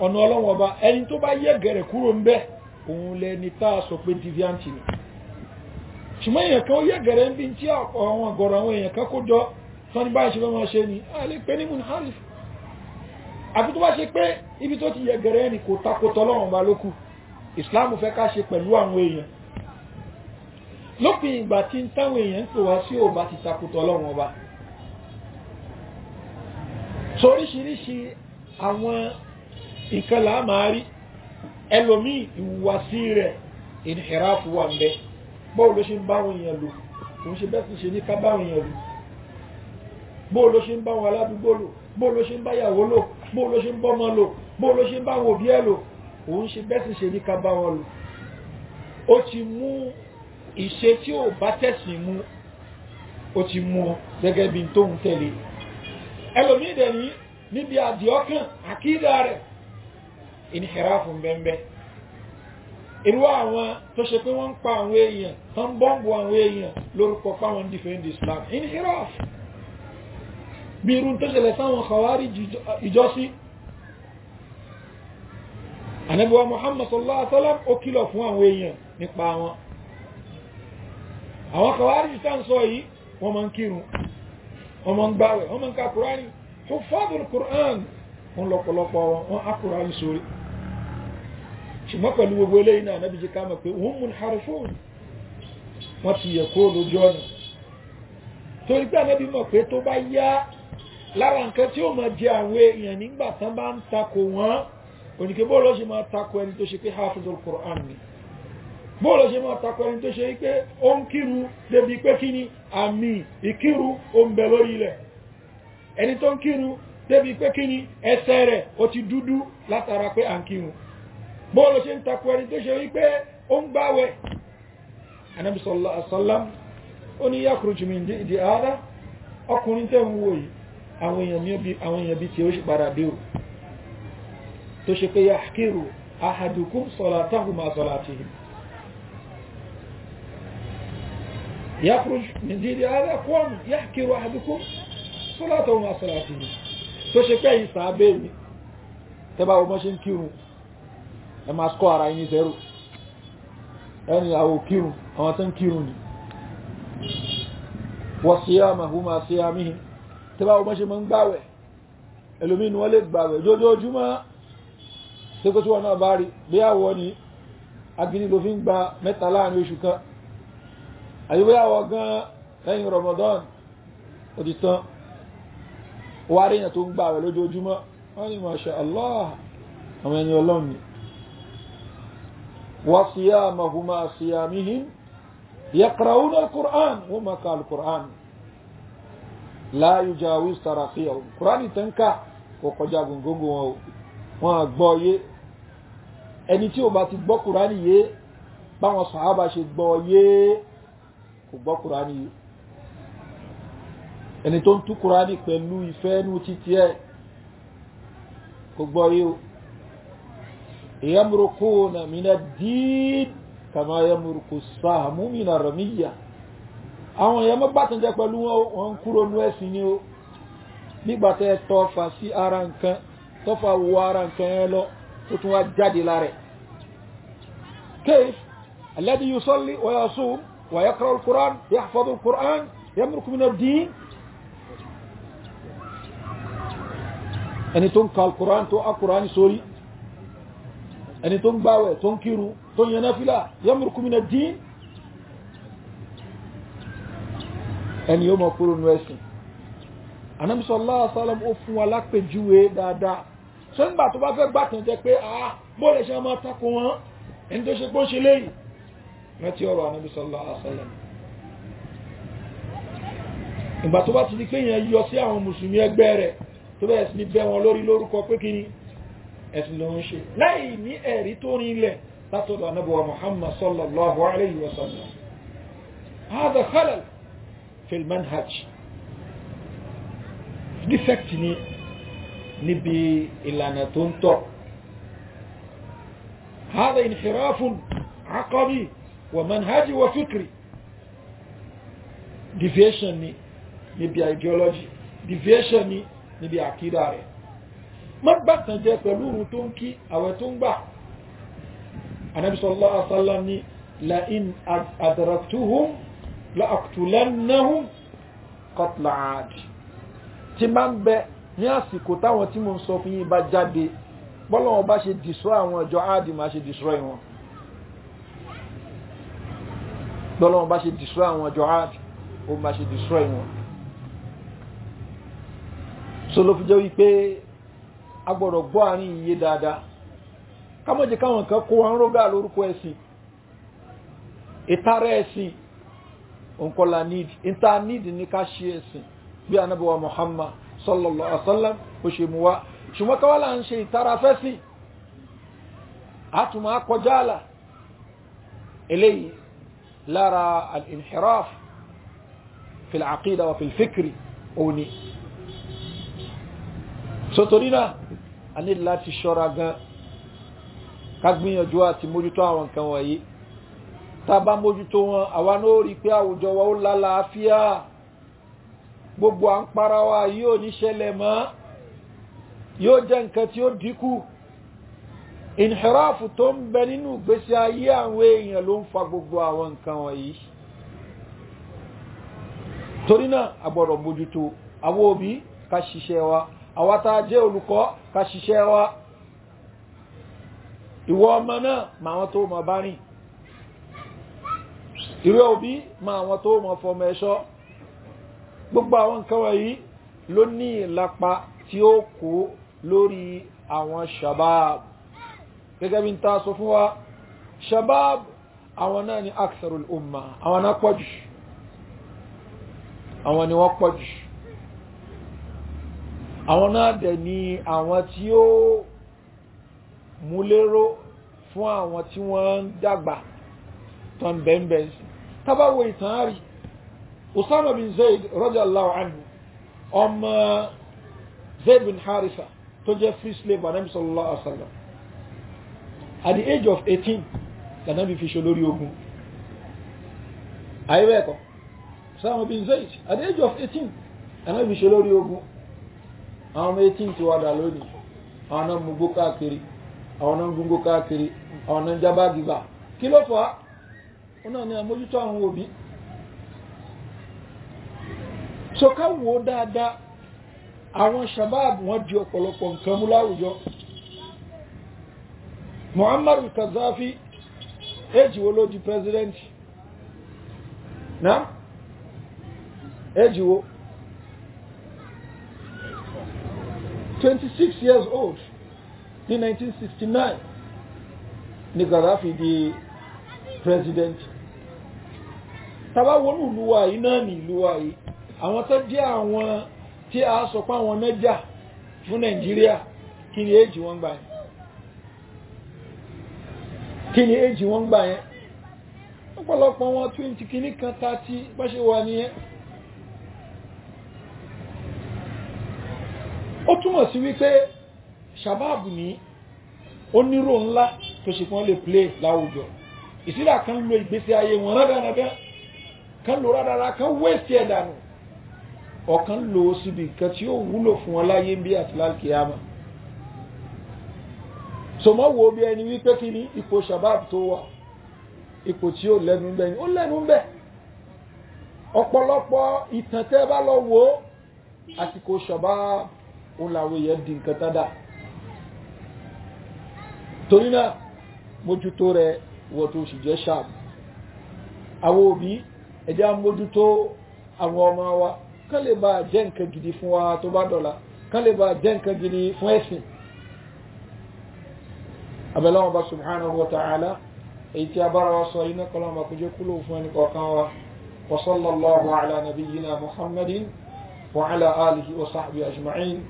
ọ̀nà ọlọ́run ọba ẹni tó bá yẹ gẹ̀rẹ̀ kúrò ń bẹ́ òun lẹni tá a sọ pé ni ṣùgbọ́n èèyàn kan yẹ gẹ̀rẹ̀ ń bí tí àwọn ọ̀gọ̀rọ̀ àwọn èèyàn kan kó jọ tán báyìí ṣe fẹ́ máa ṣe a ní àfi tó bá ṣe pé ibi tó ti yẹ gẹ̀rẹ̀ ẹni kò takò ọba lókù Islam fẹ́ ká ṣe pẹ̀lú àwọn lópin ìgbà tí ń táwọn èèyàn ń pè wá sí òbá ti takùtọ̀ ọlọ́run ọba so oríṣiríṣi àwọn nǹkan là á máa rí ẹlòmíì ìhùwàsí rẹ̀ ìnìhìráàfù wà ń bẹ bóò ló ṣe ń bá wọn èèyàn lò òun ṣe bẹ́ẹ̀ ṣe ní ká bá èèyàn lò bóò ṣe ń bá aládùúgbò lò bóò ṣe ń bá lò bóò ṣe ń bọ́mọ lò bóò ṣe ń bá òbí ẹ̀ lò òun ṣe bẹ́ẹ̀ ṣe ní ká bá lò ó ti mú ìṣe tí ò bá tẹ̀sìn mu ó ti mú ọ gẹ́gẹ́ bí tó ń tẹ̀lé ẹlòmíì dẹ̀ ní níbi àdìọ́kàn àkídà rẹ̀ ìníhẹ̀rá fún bẹ́ẹ̀ irú àwọn tó ṣe pé wọ́n ń pa àwọn èèyàn tó ń bọ́ǹbù àwọn èèyàn lórúkọ fáwọn defend Islam ìníhẹ̀rá fún bí irú tó ṣẹlẹ̀ sáwọn kọwárí ìjọsí ànábì wa Muhammad sallallahu alaihi wasallam ó kìlọ̀ fún àwọn èèyàn nípa wọn àwọn kàwárí tá ń sọ yìí wọ́n máa ń kírun wọ́n máa ń gbáwẹ̀ wọ́n máa ń ka kùránì tó fọ́dún kùrán wọn lọ́pọ̀lọpọ̀ wọn wọ́n á kùránì sórí ṣùgbọ́n pẹ̀lú gbogbo eléyìí náà nábìjì ká mọ̀ pé wọ́n mú harifon wọ́n ti yẹ kó lójú ọ̀nà torí pé ànábì mọ̀ pé tó bá yá lára nǹkan tí ó máa jẹ àwọn èèyàn nígbà tán bá ń takò wọ́n oníkebó ló ṣe máa takò ẹni tó ṣe pé hafizul kùrán ni bóòlù ṣe máa takọ ẹni tó ṣe wípé ó ń kírun débi pé kí ni àmì ìkírun ó ń bẹ lórí ilẹ̀ ẹni tó ń kírun débi pé kí ni ẹsẹ̀ rẹ̀ ó ti dúdú látara pé à ń kírun bóòlù ṣe ń takọ ẹni tó ṣe wípé ó ń gbáwẹ̀ ó ní o tó ṣe pé ma salatihim يخرج من دير هذا قوم يحكي أحدكم صلاته مع صلاته تشكى يسابيني tẹ́bá ọmọ ṣe ń kírun ẹ máa skọ́ ara yìí zẹ́rù ẹni àwò kírun àwọn tó ń kírun ni wọ́n sí àmà hù máa sí àmì tẹ́bá ọmọ ṣe máa ń gbàwẹ̀ ẹlòmínú wọ́n lè gbàwẹ̀ jójójúmọ́ tí kò tí wọ́n náà bá rí bí àwọ̀ ni agídí ló fi ń gba mẹ́ta láàrin oṣù kan àyíwé àwọ̀ gan lẹ́yìn Ramadan ó ti tán wá rí èèyàn tó ń gbà rẹ̀ lójoojúmọ́ wọ́n ní masha Allah àwọn ẹni ọlọ́run ni wa siyamahuma siyamihim yaqra'una al-Qur'an wọ́n máa ka al-Qur'an la yujawiz taraqiyahum Qur'an ìtànká kò kọjá gbogbo wọn o yé ẹni tí ó bá ti gbọ́ Qur'an yé báwọn sàhábà ṣe gbọ́ yé kò gbọ́ kùránì yìí ẹni tó ń tú kùránì pẹ̀lú ìfẹ́ ẹnu títí ẹ̀ kò gbọ́ yìí yamurukuna mina diin kama yamuruku sahamu mina ramiya àwọn èèyàn mọ́ bàtàn jẹ́ pẹ̀lú wọn kúrò ní ẹ̀sìn ni ó nígbàtẹ́ tọ́fà sí ara nǹkan tọ́fà wo ara nǹkan yẹn lọ tó tún wá jáde lára ẹ̀ kéf alladhi yusalli wa yasum ويقرأ القرآن يحفظ القرآن يملك من الدين ẹni tó ń ka alkùrán tó akùrán sórí ẹni tó ń gbáwẹ̀ tó ń kírù tó ń yẹnà fílà yẹmùrùkú mi na dín ẹni yóò mọ̀ kúrò ní ẹ̀sìn anamisọ́lá asálàm ó fún wa lápèjúwe dáadáa ṣe ń gbà tó bá fẹ́ gbà tàn jẹ́ pé àà ah, bóòlẹ̀ ṣe máa takò wọn ẹni tó ṣe pọ́n ṣe léyìí rántí ọ̀rọ̀ anábì sallallahu alaihi wasallam ìgbà tó bá ti di kéèyàn yọ sí àwọn mùsùlùmí ẹgbẹ́ rẹ̀ tó bẹ̀rẹ̀ sí ní bẹ́ wọn lórí lórúkọ pé kí ni ẹ̀sìn ló ń ṣe láì ní ẹ̀rí tó rin ilẹ̀ látọ̀dọ̀ anábì Muhammad sallallahu alaihi wasallam هذا خلل في المنهج defect ni níbi ìlànà tó ń tọ̀ هذا انحراف عقبي ومنهجي وفكري deviation ni níbi ideology deviation ni níbi àkídà rẹ̀ má gbàtàn jẹ pẹ̀lú òun tó ń kí àwẹ̀ tó ń gbà Ànábì sallallahu alaihi wasallam ni la in adraktuhum la aqtulannahum qatla ad tí máa ń bẹ ní àsìkò táwọn tí mo ń sọ fún yín bá jáde bá ṣe destroy àwọn ọjọ́ áàdì máa ṣe destroy wọn bọ́lọ́wọ́n bá ṣe destroy àwọn jọ́had o ṣe destroy wọn so ló fi jẹ́ wípé a gbọ́ àárín iye dáadáa kámọ̀jẹ́ káwọn nǹkan kó wọn rógà lórúkọ ẹ̀sìn ìtara ẹ̀sìn òǹkọlà need ìta need ní ká ṣe ẹ̀sìn bí Muhammad sallallahu alaihi wasallam ó ṣe mú wa ṣùgbọ́n káwàlá ń ṣe ìtara fẹ́sìn lára al-inhiraf fi al-aqida wa fi al-fikri òní sotori náà a ní láti ṣọ́ra gan ká gbìyànjú àti mójútó àwọn nǹkan wọ̀nyí tá bá mójútó wọn àwa náà rí pé àwùjọ wa ó lálàáfíà gbogbo à ń para wa yóò níṣẹlẹ̀ mọ́ yóò jẹ́ nǹkan tí ó dínkù inhirafu tó ń bẹ nínú ìgbésí ayé àwọn èèyàn ló ń fa gbogbo àwọn nǹkan wọ̀nyí torí náà agbọ́dọ̀ bójútó àwọn òbí ká ṣiṣẹ́ wa àwa tá a jẹ́ olùkọ́ ká ṣiṣẹ́ wa ìwọ ọmọ náà mà wọn tó mọ bá rìn ìwé òbí mà wọn tó mọ fọmọ ẹ̀ṣọ́ gbogbo àwọn nǹkan wọ̀nyí ló ní ìlapa tí ó kó lórí àwọn shabab gẹ́gẹ́ bí n ta sọ fún wa shabab àwọn náà ni aksarul umma àwọn náà pọ̀jù àwọn ni wọ́n pọ̀jù àwọn náà dẹ̀ ni àwọn tí ó múlérò fún àwọn tí wọ́n ń dàgbà tán bẹ́ẹ̀bẹ́ẹ̀ sí tábàwò ìtàn àrí Usama bin Zaid radiyallahu anhu ọmọ Zaid bin Harisa tó jẹ́ free slave anamisọ́lọ́lá asálàmù at the age of eighteen lànàbí fi ṣe olórí ogun àyẹ̀wò ẹ̀kọ́ Usama bin Zaid at the age of eighteen lànàbí fi ṣe olórí ogun àwọn ọmọ eighteen ti wà dà lónìí àwọn náà mú gbó káàkiri àwọn náà ń gúngó káàkiri àwọn náà ń jábá gíga kí ló fà á wọn náà ní àmójútó àwọn òbí so ká wò ó dáadáa àwọn shabab wọn di ọ̀pọ̀lọpọ̀ nǹkan mú láwùjọ muammar al-kazafi age wo ló di president na age wo 26 years old ní 1969 ni gaddafi di president tàbá wọnú ìlú wa yìí náà ní ìlú wa yìí àwọn tó jẹ́ àwọn tí a sọ pé àwọn náà fún nàìjíríà kí ni éèjì wọn gbà kí ni éjì wọ́n gbà yẹn ọ̀pọ̀lọpọ̀ wọn 20 kìíní kan 30 bá ṣe wà nìyẹn ó túmọ̀ sí wípé ṣàbáàbù ní ó nírò ńlá tó ṣe fún lè play láwùjọ ìsílà kan lo ìgbésí ayé wọn rádaràdá kan lo rádarà kan wéèsì ẹ̀dànù ọ̀kan lo síbi nǹkan tí ó wúlò fún wọn láyé bí àti láàkíyàmá so mọ́ wo bí ẹni wípé kí ni ipò shabab tó wà ipò tí ó lẹ́nu bẹ́ẹ̀ ni ó lẹ́nu bẹ́ẹ̀ ọ̀pọ̀lọpọ̀ ìtàn tẹ́ bá lọ wo àsìkò shabab ó làwọn èèyàn di nǹkan tá dáa torí náà mójútó rẹ wọ́n tó sì jẹ́ sharp àwọn òbí ẹjá mójútó àwọn ọmọ wa kán lè bá jẹ́ nǹkan gidi fún wa tó bá dọ̀la kán lè bá jẹ́ nǹkan gidi fún ẹ̀sìn abẹ́lẹ́wọ̀n bá subhanahu wa ta'ala èyí tí a bára wa sọ iná kọlọ́mà kò jẹ́ kúlò fún ẹni kọ̀ọ̀kan wa wa sallallahu ala nabiyyina muhammadin wa ala alihi wa sahbihi ajma'in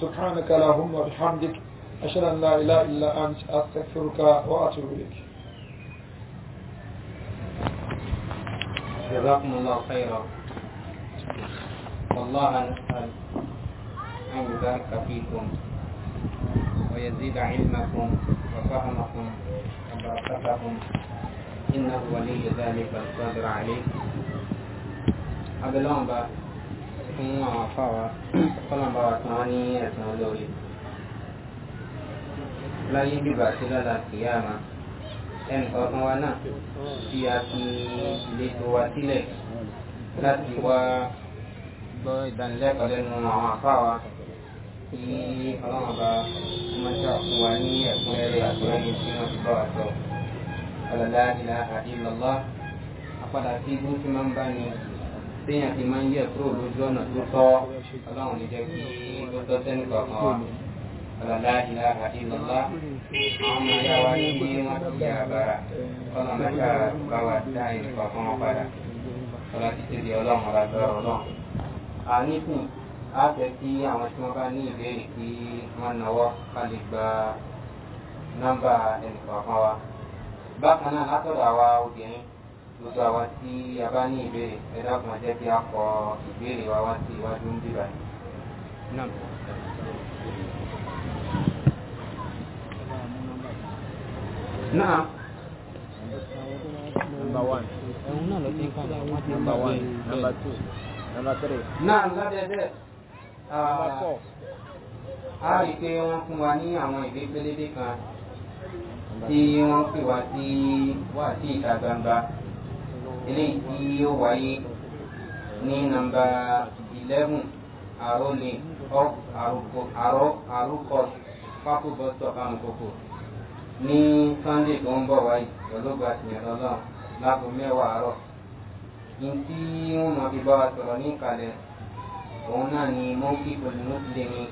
subhanaka lahumma bihamdik ashhadu an la ilaha illa anta astaghfiruka wa atubu ilayk جزاكم الله خيرا والله نسأل أن يبارك فيكم ويزيد علمكم وفهمكم وبركتكم إنه ولي ذلك القادر عليه abẹ́lẹ́ ọ̀nba fún àwọn afáwa kọ́lọ̀mbà wa tán ní ẹ̀sán olóore láyé bíbà sí lọ́la kìyàmá ẹnìkan kan wa náà tí a fi ìletò wa sílẹ̀ láti wá gbọ́ ìdánilẹ́kọ̀ọ́ lẹ́nu àwọn afáwa kí ọlọ́run bá mọ́ṣá fún wa ní ẹ̀kúnrẹ́rẹ́ àgbẹ̀rẹ́ tí wọ́n ti bá wa sọ ọ̀làlá ìlàhà ìlọ́lá àpadà sí ibú tí máa ń bá ní téèyàn ti máa ń yẹ kúrò lójú ọ̀nà tó tọ́ ọlọ́run ní jẹ́ kí ó tọ́ sẹ́nu kọ̀ọ̀kan wa ọ̀làlá ìlàhà ìlọ́lá àwọn ọmọ ìyá wa ní wọ́n ti yà bàrà ọ̀nà mẹ́ta ha jẹ́ àwọn tí wọ́n bá ní ìbéèrè kí wọ́n náwó ká lè gba nọ́mbà wa bákan náà látọ̀dọ̀ àwa obìnrin gbogbo àwa tí a bá ní ìbéèrè ẹ kọ ìbéèrè wa wá ti number one number two a rí pé wọ́n fún wa ní àwọn ìwé pélébé kan tí wọ́n pè wá sí ìta gbangba eléyìí tí ó wáyé ní eleven ní sunday tó ń bọ̀ wáyé pẹ̀lú gbàtìyàn lọ́lọ́run láago mẹ́wàá àárọ̀ ní tí wọ́n fi òun náà ni mọ́kìkù mùsùlùmí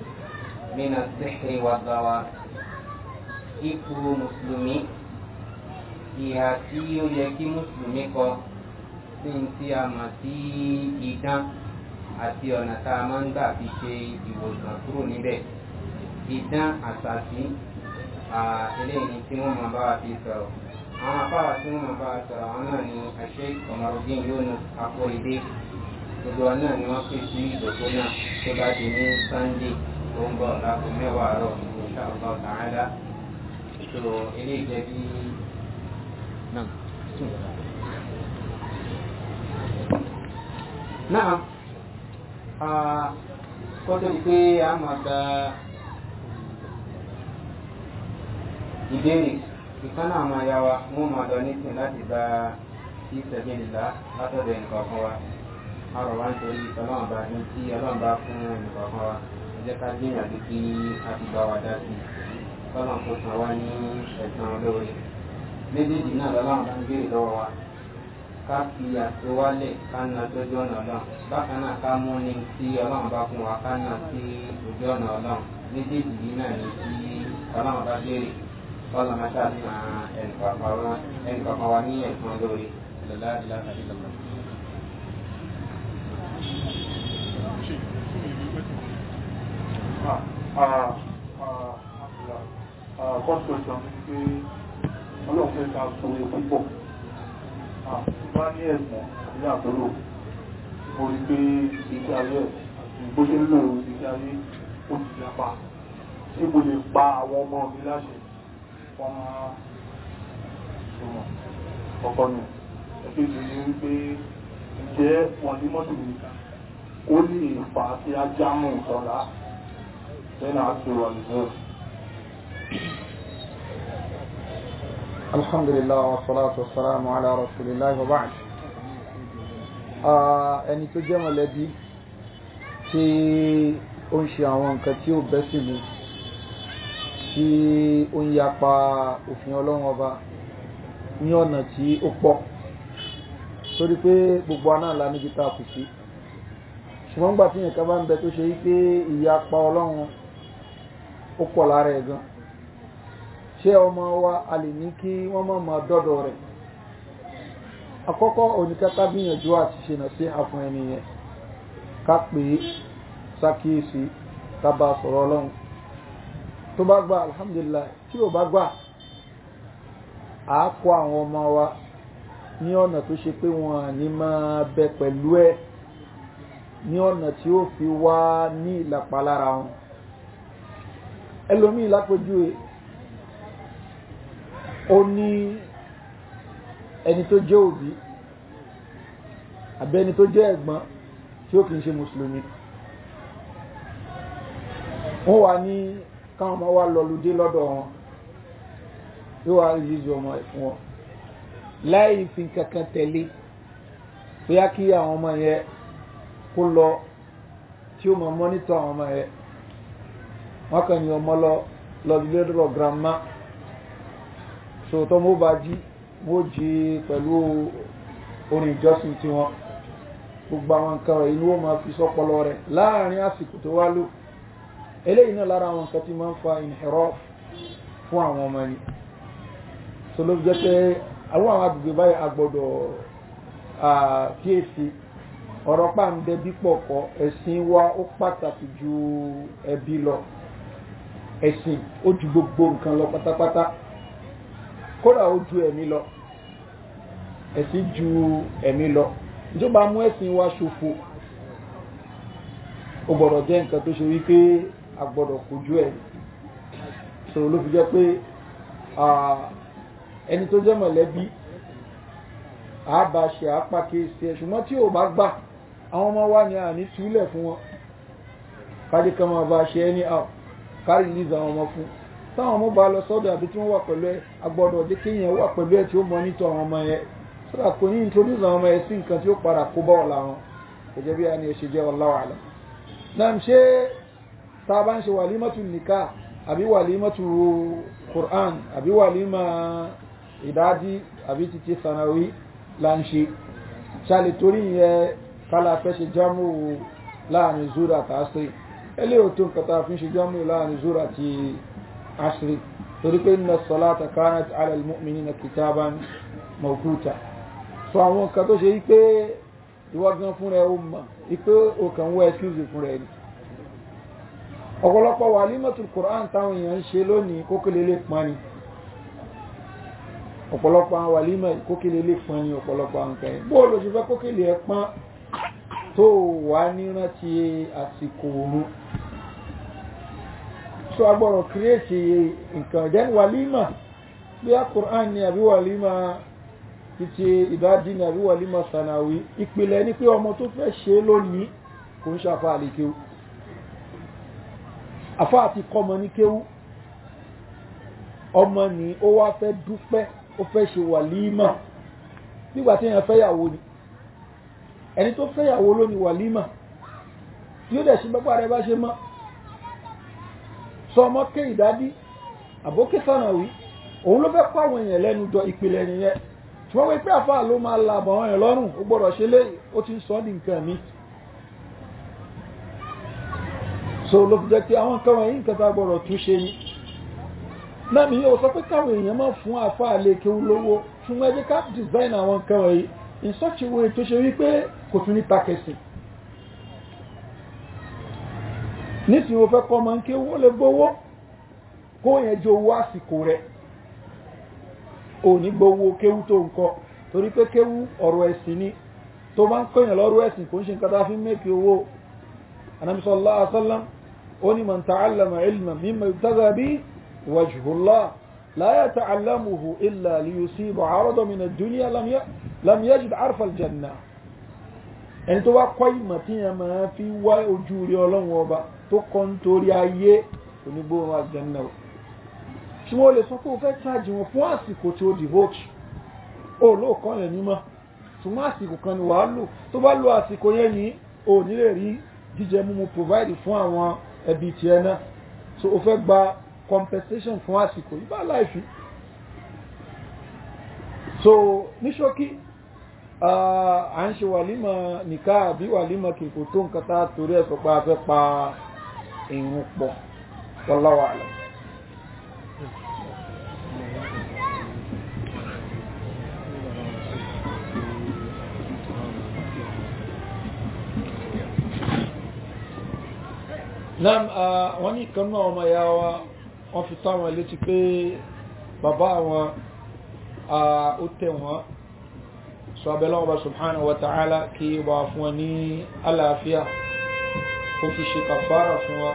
mínà sèhìrì wà gbàwà ipò mùsùlùmí ìhà tí ó yẹ kí mùsùlùmí kọ sí ní tí a mọ̀ sí idán àti ọ̀nà tá a máa ń gbà fi ṣe ìwòsàn kúrò níbẹ̀ idán àṣàṣì eléyìí tí wọ́n máa bá wa fi sọ̀rọ̀ àwọn afáwà tí wọ́n máa bá wa sọ̀rọ̀ àwọn náà ni àṣẹ ìkọ̀mọ̀rọ̀dín yóò nu àpò ìdè gbogbo wa náà ni wọ́n pè sí ìdòkó náà tó bá di ní sunday tó ń bọ̀ láago mẹ́wàá àárọ̀ insha Allah ta'ala so ilé ìjẹ́ bí. náà kọ́tọ́ ni pé a máa ta ìbéèrè ìkànnà àmọ́ ya wa wọ́n máa lọ nísìnyí láti bá ìṣẹ̀lẹ̀ nílá látọ̀dọ̀ nǹkan kan wa àrọ̀ wá ń torí ọlọ́run bá ní tí ọlọ́run bá fún ẹnìkọ̀ọ̀kan wa ẹ jẹ́ ká gbìyànjú kí a ti bá wa dá sí i ọlọ́run kò san wá ní ẹ̀san lóore méjèèjì náà lọ́lọ́run bá ń na sójú ọ̀nà ọlọ́run bákan náà ká mú ní tí ọlọ́run bá fún wa ká na sí ojú ọ̀nà ọlọ́run Kọ́sìkọ̀ọ́sọ̀ ní pé ọlọ́pẹ́ ta sọ ewu pọ̀. Àtúbá ní ẹ̀mọ̀ ilé àtọ́lò, mo rí pé ìgbé ayé àti ìgbóṣẹ́ lò ìgbé ayé ó ti yapa. Tí mo lè pa àwọn ọmọ mi láṣẹ, wọ́n máa ṣùgbọ́n ọkọ̀ nù. Ẹgbẹ́ ìgbé ayé wípé ìjẹ́ wọ̀n ní mọ́tò nìkan ó ní ìfà tí a jámù ìṣọ́lá nínú àtúrọ̀ ìlú alhamdulillah wa salatu wa salamu ala rasulillah wa ba'd ah, ẹni tó jẹ́ mọ̀lẹ́bí tí ó ń ṣe àwọn nǹkan tí ó bẹ́ sí mu tí ó ń yapa òfin ọlọ́run ọba ní ọ̀nà tí ó pọ̀ torí pé gbogbo aná níbi tá sí ṣùgbọ́n gbà tí nǹkan bá ń bẹ tó ṣe wípé ìyapa ọlọ́run ó pọ̀ lára ẹ̀ gan ṣé ọmọ wa a lè ní kí wọ́n mọ̀ mọ́ dọ́dọ̀ rẹ̀ àkọ́kọ́ oníkátá gbìyànjú àti ṣe nà sí àfún ẹni yẹn ká pè é sákíyèsí tábà sọ̀rọ̀ ọlọ́run tó bá gbà alhamdulillah tí ò bá gbà á kọ́ àwọn ọmọ wa ní ọ̀nà tó ṣe pé wọn ní máa bẹ pẹ̀lú ẹ̀ ní ọ̀nà tí ó fi wá ní ìlàpá lára wọn ẹlòmíì lápòjúwe ó ní ẹni tó jẹ́ òbí àbẹ́ni tó jẹ́ ẹ̀gbọ́n tí ó kìí ṣe mùsùlùmí wọ́n wà ní káwọn ọmọ wa lọlùdé lọ́dọ̀ wọn yóò wá yízu ọmọ ẹ̀fún wọn láì fi kankan tẹ̀lé bóyá àwọn ọmọ yẹn kó lọ tí ó mọ mọ́nítọ̀ àwọn ọmọ ẹ wọ́n kàn ní ọmọ lọ lọ́dúnlé lọ́dọ̀ grandma so tọ́ mọ́ bá jí wọ́n jí pẹ̀lú orin ìjọsìn tí wọ́n gbogbo àwọn nǹkan rẹ̀ inú ó máa fi sọ́pọlọ rẹ̀ láàrin àsìkò tó wá lò eléyìí náà lára àwọn nǹkan tí máa ń fa inhiraf fún àwọn ọmọ ẹni so ló jẹ́ pé àwọn àwọn agbègbè báyìí agbọ́dọ̀ kíyèsí ọ̀rọ̀ pàǹdẹ̀ bí pọ̀kọ́ ẹ̀sìn wa ó pàtàkì ju ẹbí lọ ẹ̀sìn ó ju gbogbo nǹkan lọ pátápátá kódà ó ju ẹ̀mí lọ ẹ̀sìn ju ẹ̀mí lọ ìjọba mú ẹ̀sìn wa ṣòfò ó gbọ́dọ̀ jẹ́ nǹkan tó ṣe wípé a gbọ́dọ̀ kojú ẹ̀ sọ̀rọ̀ ló fi jẹ́ pé ẹni tó jẹ́ mọ̀lẹ́bí àá bá ṣe ṣùgbọ́n tí ò bá gbà àwọn ọmọ wa ni a ní túlẹ̀ fún wọn kárí kan máa bá ṣe ẹni àp kárí ní ìzà àwọn ọmọ fún táwọn ọmọ bá lọ sọ́dọ̀ àbí tí wọ́n wà pẹ̀lú ẹ agbọ́dọ̀ jẹ́ kéèyàn wà pẹ̀lú ẹ tí ó mọ nítọ̀ àwọn ọmọ yẹn sọ́dọ̀ kò ní introduce àwọn ọmọ yẹn sí nǹkan tí ó padà kó bá ọ̀la wọn kò bí a ní jẹ́ ọ̀la wàhálà náà ṣé tá a bá ń ṣe wàlímọ̀tù nìka àbí wàlímọ̀tù Qur'an àbí wàlímọ̀ ìdájí àbí títí sanawi là ń ṣe ṣàlè torí yẹn kálá fẹ́ ṣe jámù láàrin zuru àti asiri ẹlẹ́ ò tó nǹkan tá a fi ń ṣe jámù láàrin zuru àti asiri torí pé inna salata kanat ala almu'minina kitaban mawquta so àwọn nǹkan tó ṣe wípé ìwọ́gán fún rẹ̀ ó mọ̀ wípé o kàn wọ́ excuse fún rẹ̀ ni ọ̀pọ̀lọpọ̀ walimatul Qur'an táwọn èèyàn ń ṣe lónìí kókèlélé pọn ni ọ̀pọ̀lọpọ̀ àwọn wàlímọ̀ kókèlélé pọn ni ọ̀pọ̀lọpọ̀ nǹkan ẹ̀ bóòlù ṣe fẹ́ kókèlé ẹ̀ pọn tó wà nírántí àsìkò oorun so agbọ́rọ̀ kírètì nǹkan then wàlímà bí a Qur'an ni àbí wàlímà títí ìbádí ni àbí wàlímà sànàwí ìpìlẹ̀ ni pé ọmọ tó fẹ́ ṣe lónìí kò ń ṣàfà àlèkéwú àfà àti kọmọ ní kéwú ọmọ ni ó wá fẹ́ dúpẹ́ ó fẹ́ ṣe wàlímà nígbà èèyàn fẹ́ ni ẹni tó fẹ́yàwó ló ní wàlímà tí ó dẹ̀ sí gbogbo bá ṣe mọ́ sọ ọmọ ké ìdádí àbókè sọ̀nà wí òun ló fẹ́ kọ́ àwọn èèyàn lẹ́nu jọ ìpìlẹ̀ nìyẹn tí wọ́n wí pé àfáà ló máa la àbọ̀ ọ̀rìn lọ́rùn ó gbọ́dọ̀ ṣe lé ó ti ń sọ ní nǹkan mi so ló fi jẹ́ pé àwọn nǹkan wọ̀nyí nǹkan tá a gbọ́dọ̀ tún ṣe ni náà mi yóò sọ pé káwọn èèyàn máa fún àfáà lè kéwú lówó fún ká design àwọn nǹkan wọ̀nyí in such a way tó ṣe kò tún ní takẹsì ní tí wọ́n fẹ́ kọ́ ma ń ké wọ́n lè gbówó kó yẹn jẹ́ owó àsìkò rẹ̀ ò ní gbówó kéwú tó ń kọ́ torí pé kéwú ọ̀rọ̀ ẹ̀sìn ni ta ni ti won fẹ́ kọ́ ọmọ ma n ke won yẹn jẹ owó àsìkò rẹ̀ ò ní gbowó kéwú tó ń kọ́ torí pé kéwú ọ̀rọ̀ ẹ̀sìn ni tó bá ń kọ́yàn lọ́rọ̀ ẹ̀sìn kò ń ṣe nǹkan tá a fi ń mẹ́kì owó anamisọ́lá asálám ó ní man ta'allama mí mimma tága bi wajhullah la yata'allamuhu illa liyusiba 'aradan min ad-dunya lam yajid 'arfa al-jannah ẹni tó wá kọ́ ìmọ̀ tí yẹn máa fi wá ojú rí ọlọ́run ọba tó kọ́ nítorí ayé onígbóhùn àjẹnà o tí wọ́n lè sọ pé o fẹ́ ṣáàjì wọn fún àsìkò tí o devote o lóòkọ́ yẹn mímọ́ ṣùgbọ́n àsìkò kan ni wàá lò tó bá lo àsìkò yẹn yìí o ní lè rí jíjẹ mímu provide fún àwọn ẹbí tiẹ̀ náà so o fẹ́ gba compensation fún àsìkò yìí bá láìfi so ní ṣókí à ń ṣe wàlímọ̀ nìká àbí wàlímọ̀ kìkò tó nǹkan tá torí ẹ̀ sọ pé a fẹ́ pa ìrun pọ̀ wallahu a'lam. nam wọ́n ní ìkan náà ọmọ ya wa wọ́n fi táwọn létí pé bàbá àwọn ó tẹ̀ wọ́n so abẹ́lẹ́ ọba subhanahu wa ta'ala kí ó bá fún wa ní àlàáfíà ó fi ṣe kàfàrà fún wa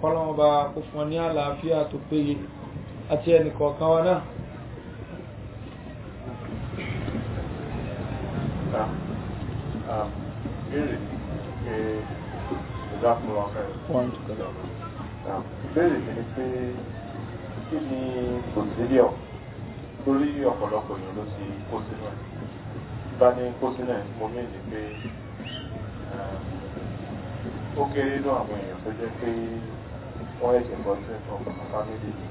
kọ́lọ́ ọba kó fún wa ní àlàáfíà tó péye àti ẹnìkọ̀ọ̀kan wa náà ìbéèrè ọ̀pọ̀lọpọ̀ èèyàn ló ti kó sínú ẹ̀ bá ní kó mo mí ní pé eh, ó kéré ní àwọn èèyàn tó jẹ́ pé wọ́n ẹ̀sẹ̀ bọ́ sí ẹ̀fọ́ fámílì ní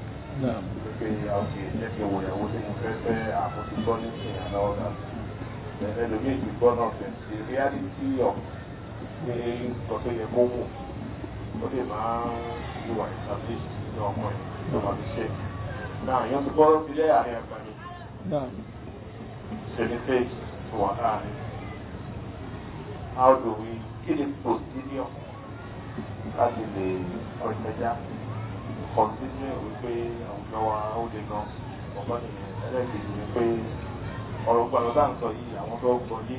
pé àwòkè jẹ́ kí wo ìyàwó tí mo fẹ́ fẹ́ àkóso ní ìsìn àná ọ̀dà ẹlòmíì ti gbọ́ náà fẹ́ sí reality of pé nǹkan tó yẹ kó wò ó lè máa ń wà established nínú ọmọ ẹ̀ tó máa fi ṣe náà yóò sílẹ̀ àárín àgbà mi ṣe ní to our eyes. How do we kí ni procedure is the ọ̀jẹ̀já continue wípé àwùjọ wa ó le gan ọ̀gbọ́n nìyẹn ẹlẹ́gbẹ̀ẹ́ ni pé ọ̀rọ̀ gbà lọ́dà ń sọ yìí àwọn tó gbọ́ yé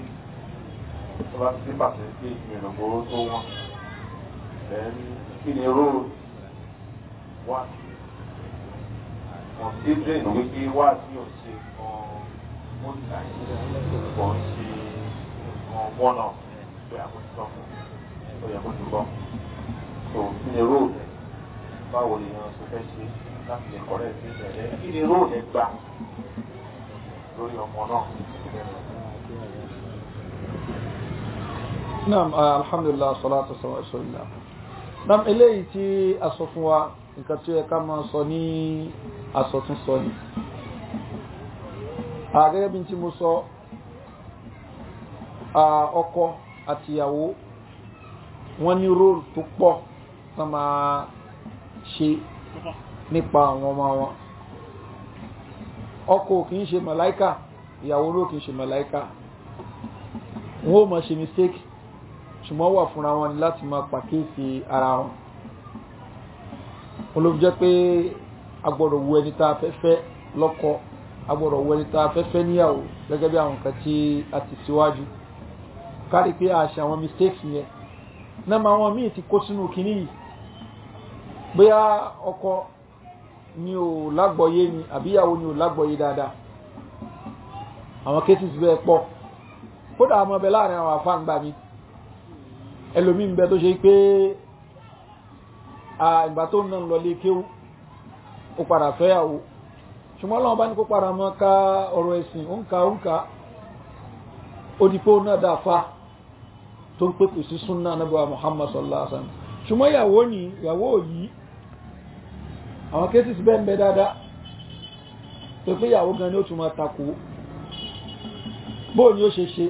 tó bá ti pàṣẹ sí ìrìnàgbò tó Then kí ni róòlù wá considering wípé wá sí òṣèlú kan wọ́n eh, alhamdulillah, salatu wa rasulillah. Naam, eléyìí tí a sọ fún wa, nǹkan tí ó yẹ ká máa sọ ní asọ̀tún sọ ni. àgẹ́gẹ́ bí tí mo sọ ọkọ àtìyàwó wọ́n ní róòlù tó pọ̀ tán máa ṣe nípa àwọn ọmọ wọn ọkọ kì í ṣe màláíkà ìyàwó ló kì í ṣe màláíkà wọ́n ó máa ṣe mistake ṣùgbọ́n wà fúnra wọn ni láti máa pàkíyèsí ara wọn olóòjẹ́ pé agbọ́dọ̀ wo ẹni tá a fẹ́ agbọ́dọ̀ wẹni tá a fẹ́ fẹ́ níyàwó gẹ́gẹ́ bí àwọn nǹkan tí a ti síwájú kárí pé a àwọn mistakes yẹn náà àwọn míì ti kó sínú kìíní yìí bóyá ọkọ ni ò lágbọ̀yé ni àbíyàwó ni ò lágbọ̀yé dáadáa àwọn cases bẹ́ẹ̀ pọ̀ kódà àwọn ọbẹ̀ láàrin àwọn àfáǹgbà mi ẹlòmí ń bẹ tó ṣe pé ìgbà tó ń náà lọ lé kéwú ó padà fẹ́yàwó ṣùgbọ́n ọlọ́run bá ní kó padà mọ́ ka ọ̀rọ̀ ẹ̀sìn ó ń ka ó ń ka náà dá tó ń pèpè sí súnà anábíwá Muhammad sallallahu alaihi wasallam ṣùgbọ́n ìyàwó ni ìyàwó yìí àwọn kéésì sí bẹ́ẹ̀ ń bẹ dáadáa tó pé ìyàwó gan ni ó tún máa takò bóò ni ó ṣe ṣe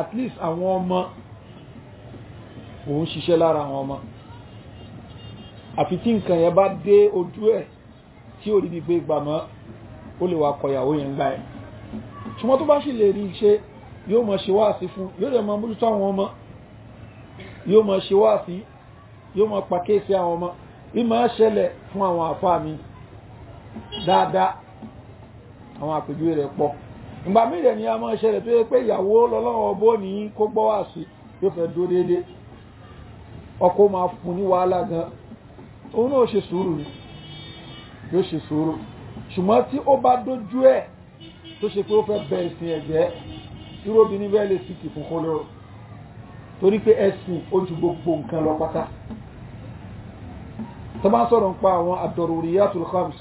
at least àwọn ọmọ òun ṣiṣẹ́ lára àwọn àfi tí nǹkan yẹn bá dé ojú ẹ̀ tí ò ríbi bí gbàmọ́ ó lè wà kọ̀yàwó yẹn gbà ẹ̀ ṣùgbọ́n tó bá sì lè rí yóò mọ̀ ṣe wáàsí fún yóò lè mọ mójútó àwọn ọmọ yóò mọ̀ ṣe wáàsí yóò mọ̀ pàkíyèsí àwọn ọmọ bí máa ṣẹlẹ̀ fún àwọn àfáà mi dáadáa àwọn àpèjúwe rẹ̀ pọ̀ ìgbà rẹ̀ ni a máa ṣẹlẹ̀ tó yẹ pé ìyàwó lọ́lọ́wọ́ bó ní kó gbọ́ wáàsí yóò fẹ́ dúró déédéé máa òun náà ṣe sùúrù ni yóò ṣe sùúrù ṣùgbọ́n tí ó bá dójú ẹ̀ tó ṣe pé ó fẹ́ bẹ ẹ̀sìn ẹ̀jẹ̀ irú obìnrin bẹ́ẹ̀ lè sì kì fún kó lọ́rọ̀ torí pé ẹ̀sìn ó ju gbogbo nǹkan lọ pátá tó bá ń sọ̀rọ̀ nípa àwọn ad-daruriyatul khams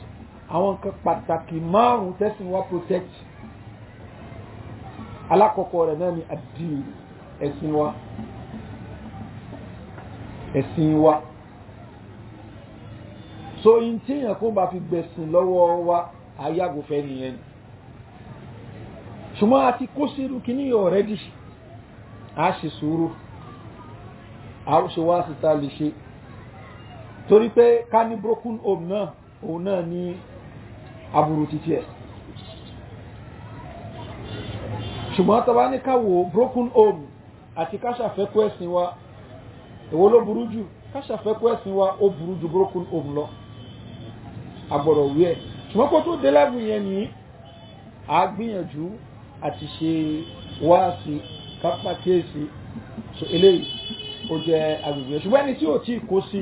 àwọn nǹkan pàtàkì márùn-ún tẹ́sìn wá protect alákọ̀ọ́kọ́ rẹ̀ náà ni àdìrì ẹ̀sìn wa ẹ̀sìn wa so in tí èèyàn kó bá fi gbẹ̀sìn lọ́wọ́ wa ayágofẹ́ nìyẹn ṣùgbọ́n a ti kó sírú kíní ọ̀rẹ́dì a ṣe sùúrù a ṣe wá síta lè ṣe torí pé ká ní broken home náà òun náà ní aburú títí ẹ̀ ṣùgbọ́n tọba ní káwò broken home àti káṣàfẹ́kọ́ ẹ̀sìn wa èwo ló burú jù káṣàfẹ́kọ́ ẹ̀sìn wa ó burú jù broken home lọ agbọ́dọ̀ wí ẹ̀ ṣùgbọ́n kó tó dé lẹ́bù yẹn ni a gbìyànjú àti ṣe wáàsí kápá so eléyìí ó jẹ́ agbègbè ṣùgbọ́n ẹni tí ò tí kó sí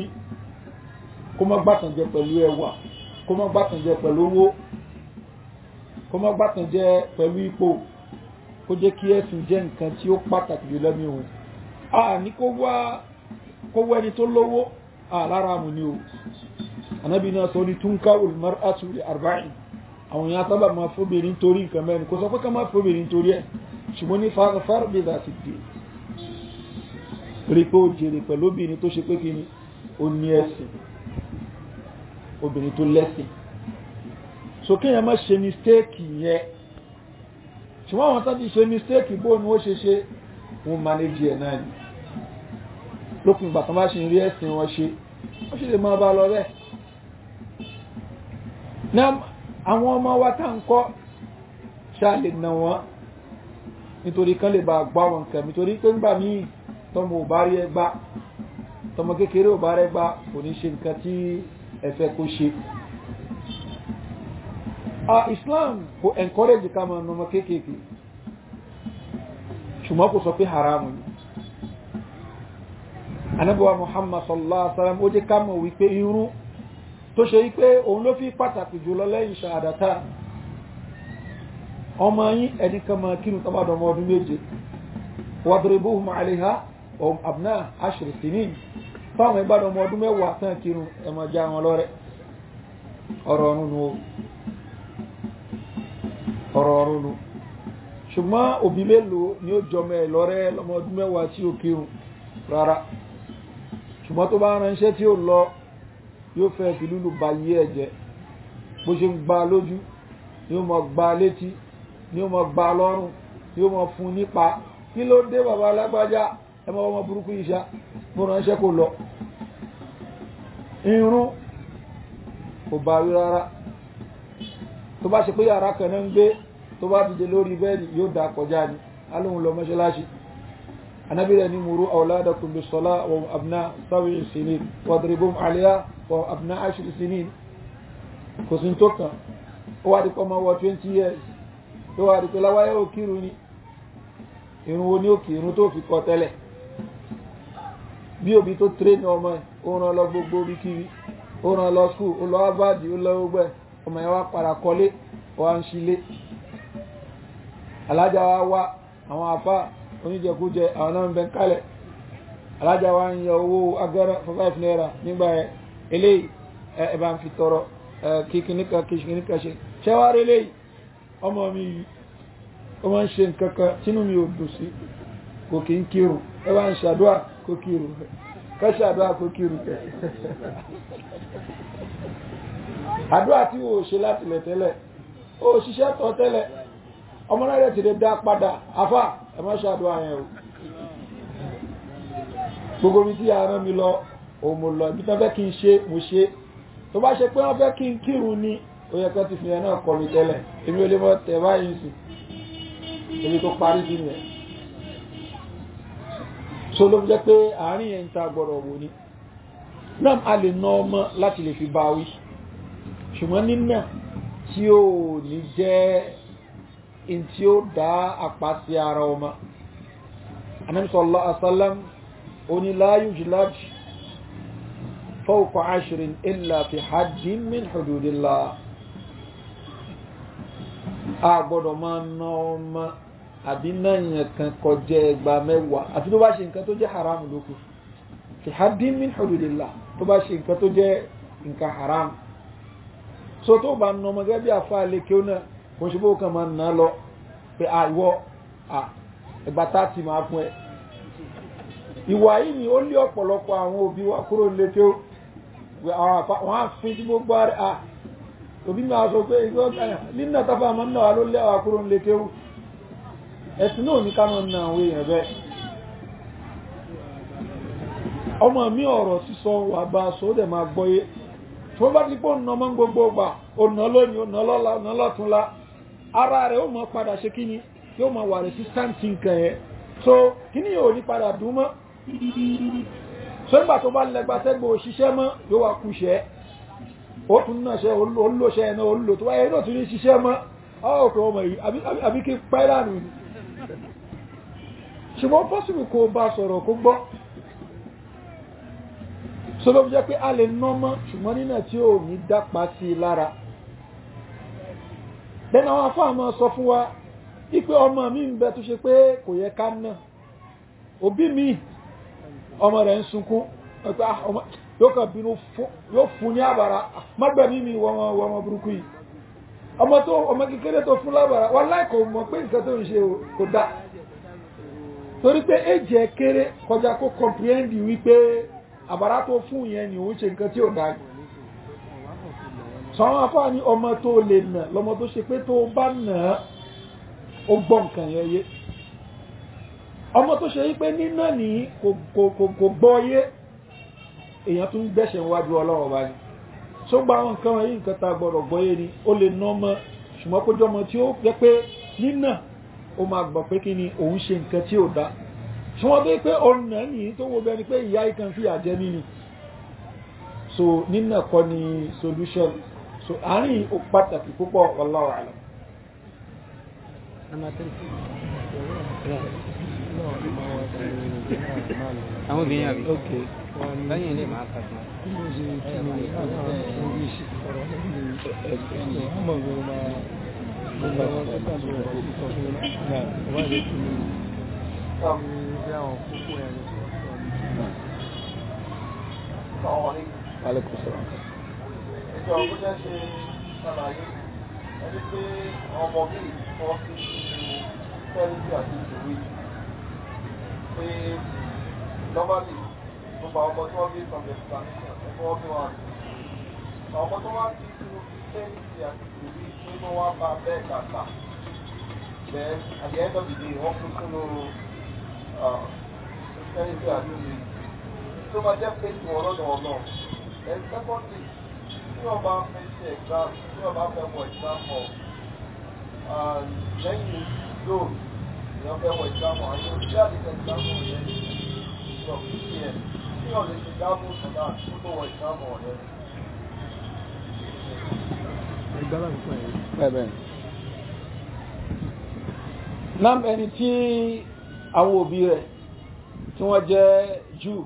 kó má gbàtànjẹ pẹ̀lú ẹwà kó má gbàtànjẹ pẹ̀lú owó kó má gbàtànjẹ pẹ̀lú ipò kó jẹ́ kí ẹ̀sìn jẹ́ nǹkan tí ó pàtàkì jù lẹ́mí òun a ní kó wá ẹni tó lówó a lára mu ni o anábì náà sọ ní túnká olùmọ́r àtúlẹ̀ arba'in àwọn èèyàn sábà máa fóbìnrin torí nǹkan mẹ́rin kò sọ pé ká máa fóbìnrin torí ẹ̀ ṣùgbọ́n ní fáfáfáà bí dà sí dé rí pé ó jèrè pẹ̀lú obìnrin tó ṣe pé kí ni ó ní ẹ̀sìn obìnrin tó lẹ́sìn so kéèyàn má ṣe mistake yẹn ṣùgbọ́n àwọn tó ti ṣe mistake bó ni ó ṣe ṣe wọn manage ẹ̀ náà ni lópin ìgbà tó bá ṣe ń rí ẹ̀sìn wọn ṣe ó ṣe lè máa bá lọ bẹ́ẹ̀ náà àwọn ọmọ wa tá ń kọ́ ṣáàlè nà wọ́n nítorí kan lè bá gbá wọn kẹ̀ nítorí pé ńgbà míì tọmọ ò bá rí ẹgbá tọmọ kékeré ò bá rí ẹgbá kò ní ṣe nǹkan tí ẹ kó ṣe Islam kò encourage ká máa nọmọ kéékèèké ṣùgbọ́n kò sọ pé haramu ni anábíwá Muhammad sallallahu alaihi wasallam ó jẹ́ ká mọ̀ wípé irun tó ṣe wípé òun ló fi pàtàkì jùlọ lẹ́yìn ṣàdátà ọmọ yín ẹnìkan máa kínú tọ́bàdàn ọmọ ọdún méje wadribuhum alaiha ọm abna ashri sinin fáwọn ìbádọ̀ ọmọ ọdún mẹ́wàá tán kírun ẹmọ já wọn lọ́rẹ̀ ọ̀rọ̀ ọ̀run ṣùgbọ́n òbí mélòó ni ó jọmọ ẹ̀ lọ́rẹ̀ lọ́mọ ọdún mẹ́wàá tí ó kírun rárá ṣùgbọ́n tó bá ránṣẹ́ tí ó lọ yóò fẹ́ fi lúlù ba yé ẹ̀jẹ̀ bó ṣe ń gba lójú ni ó mọ gba létí ni ó mọ gba lọ́rùn ni ó mọ fún nípa kí ló dé bàbá alágbájá ẹ mọ ọmọ burúkú ìṣá mo ránṣẹ́ kó lọ irun kò bá rí rárá tó bá ṣe pé yàrá kan náà ń gbé tó bá dìde lórí bẹ́ẹ̀dì yóò dá kọjá ni alóhun lọ mọ́ṣáláṣí anábìrẹ̀ ni muru auladakum bis-salati wa abna sab'i sinin wadribum 'alayha for وابناء عشر o wa di كما هو 20 years o wa di pé láwáyé o kiru ni irun wo ni ó kì irun to fi kọ tẹ́lẹ̀ bí òbí to train ọmọ ẹ̀ ó ràn lọ gbogbo orí kiri ó ràn lọ skul ó lọ abáàdì o lọ gbogbo ẹ̀ ọmọ yẹn wá padà kọ́lé wá ń ṣílé alájà wa wá àwọn afá oníjẹkújẹ àwọn náà ń bẹ kálẹ̀ alájà wa ń yọ owó agẹ́rẹ́ for five naira nígbà yẹn eléyìí ẹ bá ń fi tọrọ kíkíní kan kíkíní kan ṣe ṣẹ́wárí eléyìí ọmọ mi yìí ó máa ń ṣe nǹkan kan tínú mi ò dùn sí kò kí ń kírun ẹ bá ń ṣàdúrà kó kírun rẹ̀ ká ṣàdúrà kó kírun rẹ̀ àdúrà tí o ṣe láti lẹ̀ tẹ́lẹ̀ o ṣiṣẹ́ tọ́ tẹ́lẹ̀ ọmọ náà rẹ̀ ti lè dá padà afá ẹ e má ṣàdúrà yẹn o gbogbo mi tí a mi lọ òun mo lọ ibi tó fẹ́ kí n ṣe mo ṣe tó bá ṣe pé wọ́n fẹ́ kí n kírun ni ó yẹ kó ti fi yẹn náà kọ mi tẹ́lẹ̀ èmi ò lè mọ tẹ̀ báyìí sùn èmi tó parí sí nìyẹn so ló fi jẹ́ pé àárín yẹn ń ta gbọ́dọ̀ wò ni náà a lè ná ọmọ láti lè fi bá wí ṣùgbọ́n nínà tí ó ní jẹ́ in tí ó dá apá ara ọmọ anamsọ̀lọ́ asálám oníláyùjìlájì فوق عشر إلا في حد من حدود الله agbọ́dọ̀ máa ná ọmọ àbí náyàn kan kọjá ẹgbà mẹ́wàá àti tó bá ṣe nǹkan fi haddin min hududillah so tó bá ná ọmọ bi bí afá àlékè ó náà lọ pé àìwọ ẹgbà ti máa fún ẹ ìwà yìí ni ó lé àwọn òbí wa kúrò létí àwọn ha wọn á fún tí gbogbo rẹ̀ à òbí mi àṣọ pé ìgbọ́ nínà tàbí àmọ́ náà ló lé àwọn akúrò nílé kéwù ẹ̀sìn náà ní kánú náà àwọn èèyàn ọmọ mi ọ̀rọ̀ sísọ wà bá aṣọ ó dẹ̀ máa gbọ́yé tí wọ́n bá ti gbogbo ọgbà ọ̀nà lónìí ọ̀nà lọ́la ọ̀nà lọ́túnla ara rẹ̀ ó padà so yóò ní padà sọ́gbà tó bá lẹ́gbà tẹ́gbà òṣìṣẹ́ mọ́ yóò wá kúṣẹ́ ó tún náà ṣe olóṣẹ́ ẹ̀nà olóò tó wáyé náà tún ní ṣiṣẹ́ mọ́ ọkọ̀ ọmọ yìí àbí kí pẹ́lánù ni ṣùgbọ́n pọ́sìmù kò bá sọ̀rọ̀ kó gbọ́ so ló jẹ́ pé a lè ná mọ́ ṣùgbọ́n nínà tí ò wa wípé ọmọ mi ń bẹ tó òbí mi ọmọ rẹ̀ ń sunkún ẹgbẹ́ ah, ọmọ yóò kàn bínú yóò fún ní àbàrà ah, mọ́gbẹ̀mí mi wọ́n ọmọ burúkú yìí ọmọ tó ọmọ kékeré tó fún lábàrà wọn láìkò mọ̀ pé nǹkan tó ń ṣe kò dá torí pé èjì ẹ kéré kọjá kó comprehend wípé àbàrà tó fún yẹn ni òun ṣe nǹkan tí ò dá yìí afọ́ ni ọmọ tó lè nà lọ́mọ tó ṣe pé tó bá nà ó gbọ́ nǹkan yẹn yé ọmọ tó ṣe wípé nínà ní kò gbọ́yé èèyàn tún gbẹ̀ṣẹ̀ wájú ọlọ́run bá ní tó gba àwọn nǹkan wọ̀nyí nǹkan ta gbọ́dọ̀ gbọ́yé ni ó lè ná ọmọ ṣùgbọ́n kójọ́ ọmọ tí ó jẹ́ pé nínà ó máa gbọ́ pé kí ni òun ṣe nǹkan tí ò dá ṣùgbọ́n bí pé òun náà ní tó wo bẹ́ni pé ìyá ìkan fi àjẹ́ nínú so nínà kọ́ ni solution so àárín ó pàtàkì púpọ̀ wallahu alam. Number Yeah àwọn obìnrin àbí lẹ́yìn ilé màá kà fún Aleykum salaam. Ìjọba ó jẹ́ ṣe ṣàlàyé ẹni pé ọmọ bíi ọtí ṣe ṣẹ́yìn àti ìṣòwò yìí pé normally gbogbo àwọn ọmọ tí wọ́n bí from the explanation ẹ̀fọ́ wọ́n bí wọn àti àwọn ọmọ tó wá sí inú christianity àti ìlú pé wọ́n wá bá bẹ́ẹ̀ kàtà then at the end of the day wọ́n kú sínú christianity àti ìlú tó bá jẹ́ pé tí wọ́n lọ́dọ̀ wọn náà then secondly tí wọ́n bá fẹ́ ṣe exam tí wọ́n bá fẹ́ mọ exam hall then you those èèyàn fẹ́ wọ ìdáàmú àwọn olùjáde fẹ́ ìdáàmú ọ̀rẹ́ ìjọ pdm tí wọ́n lè ṣe ìdáàmú sọ̀dá tó tó wọ ìdáàmú ọ̀rẹ́. nam ẹni tí àwọn òbí rẹ̀ tí wọ́n jẹ́ Júù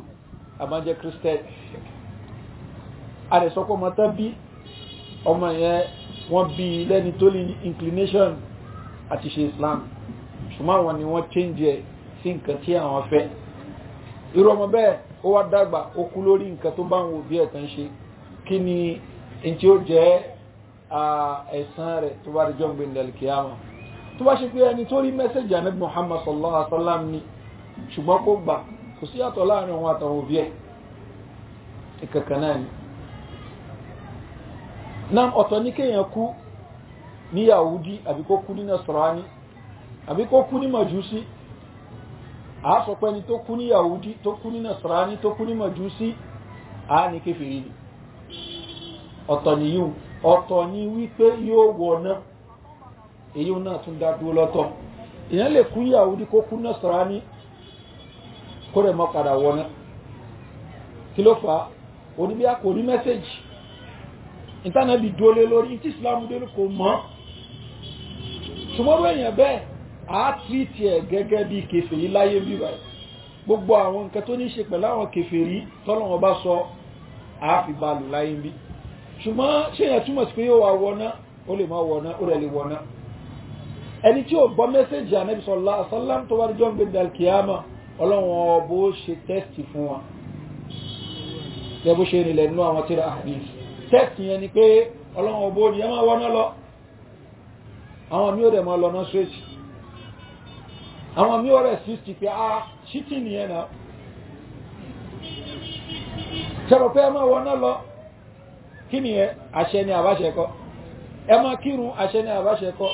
àbájẹ́ Kristẹni àrẹ̀sọ́kọ́ mọ́tá bí ọmọ yẹn wọ́n bí lẹ́ni tó lè inclination àti ṣe Islam ṣùgbọ́n àwọn ni wọ́n change ẹ̀ sí nǹkan tí àwọn fẹ́ irú ọmọ bẹ́ẹ̀ ó wá dàgbà ó kú lórí nǹkan tó bá ń wo bí ẹ̀tàn ṣe kí ni n tí ó jẹ́ ẹ̀san rẹ̀ tó bá rí jọ́ǹgbìn lẹ́lìkìyàmà tó bá ṣe pé ẹni tó rí mẹ́sẹ̀jì ànábì Muhammad sallallahu alaihi wa sallam ni ṣùgbọ́n kó gbà kò sí àtọ̀ láàrin òun àtàwọn òbí ẹ̀ ìkẹ̀kẹ̀ náà ni náà ọ̀tọ̀ ní kéèyàn kú ní Yahudi àbí kó kú ní àbí kó kú ní màjúsí a sọ pé ẹni tó kú ní yahudi tó kú ní nasarani tó kú ní màjúsí a ní kéfèrè ni ọ̀tọ̀ ni yíò ọ̀tọ̀ ni wípé yóò wọ̀ náà èyí náà tún dá dúró lọ́tọ̀ èyàn lè kú yahudi kó kú nasarani kó rẹ̀ mọ́ padà wọ̀ kí ló fà oníbí a kò rí mẹ́sẹ̀jì ìtànà bí dólé lórí tí islam dólé kò mọ́ ṣùgbọ́n èèyàn bẹ́ẹ̀ a tírìtì ẹ̀ gẹ́gẹ́ bí kèfèrí láyé bíbá gbogbo àwọn nǹkan tó ní ṣe pẹ̀lú àwọn kèfèrí tọ́lọ́wọ́n bá sọ a fi bá lò láyé bí ṣùgbọ́n ṣé yẹn túmọ̀ sí pé yóò wá wọná ó lè má wọná ó rẹ̀ lè wọná ẹni tí ó gbọ́ mẹ́sẹ̀jì ànábì sallallahu alaihi wasallam tó wá jọ́ gbé dalkiyama ọlọ́wọ́n bó ṣe tẹ́sì fún wa gẹ́gbó ṣe nílẹ̀ nínú àwọn tíra àdìs tẹ́sì yẹn ni pé ọlọ́wọ́n bó ní ẹmọ́ wọ́ná lọ àwọn mí ò dẹ̀ mọ́ lọ náà ṣèṣì àwọn mi ọ̀rẹ́ sí ti pé a ṣítì nìyẹn náà ṣẹ̀rọ̀ pé ẹ máa wọ náà lọ kí ni ẹ àṣẹ ni àbáṣẹ kọ́ ẹ máa kírun àṣẹ ni àbáṣẹ kọ́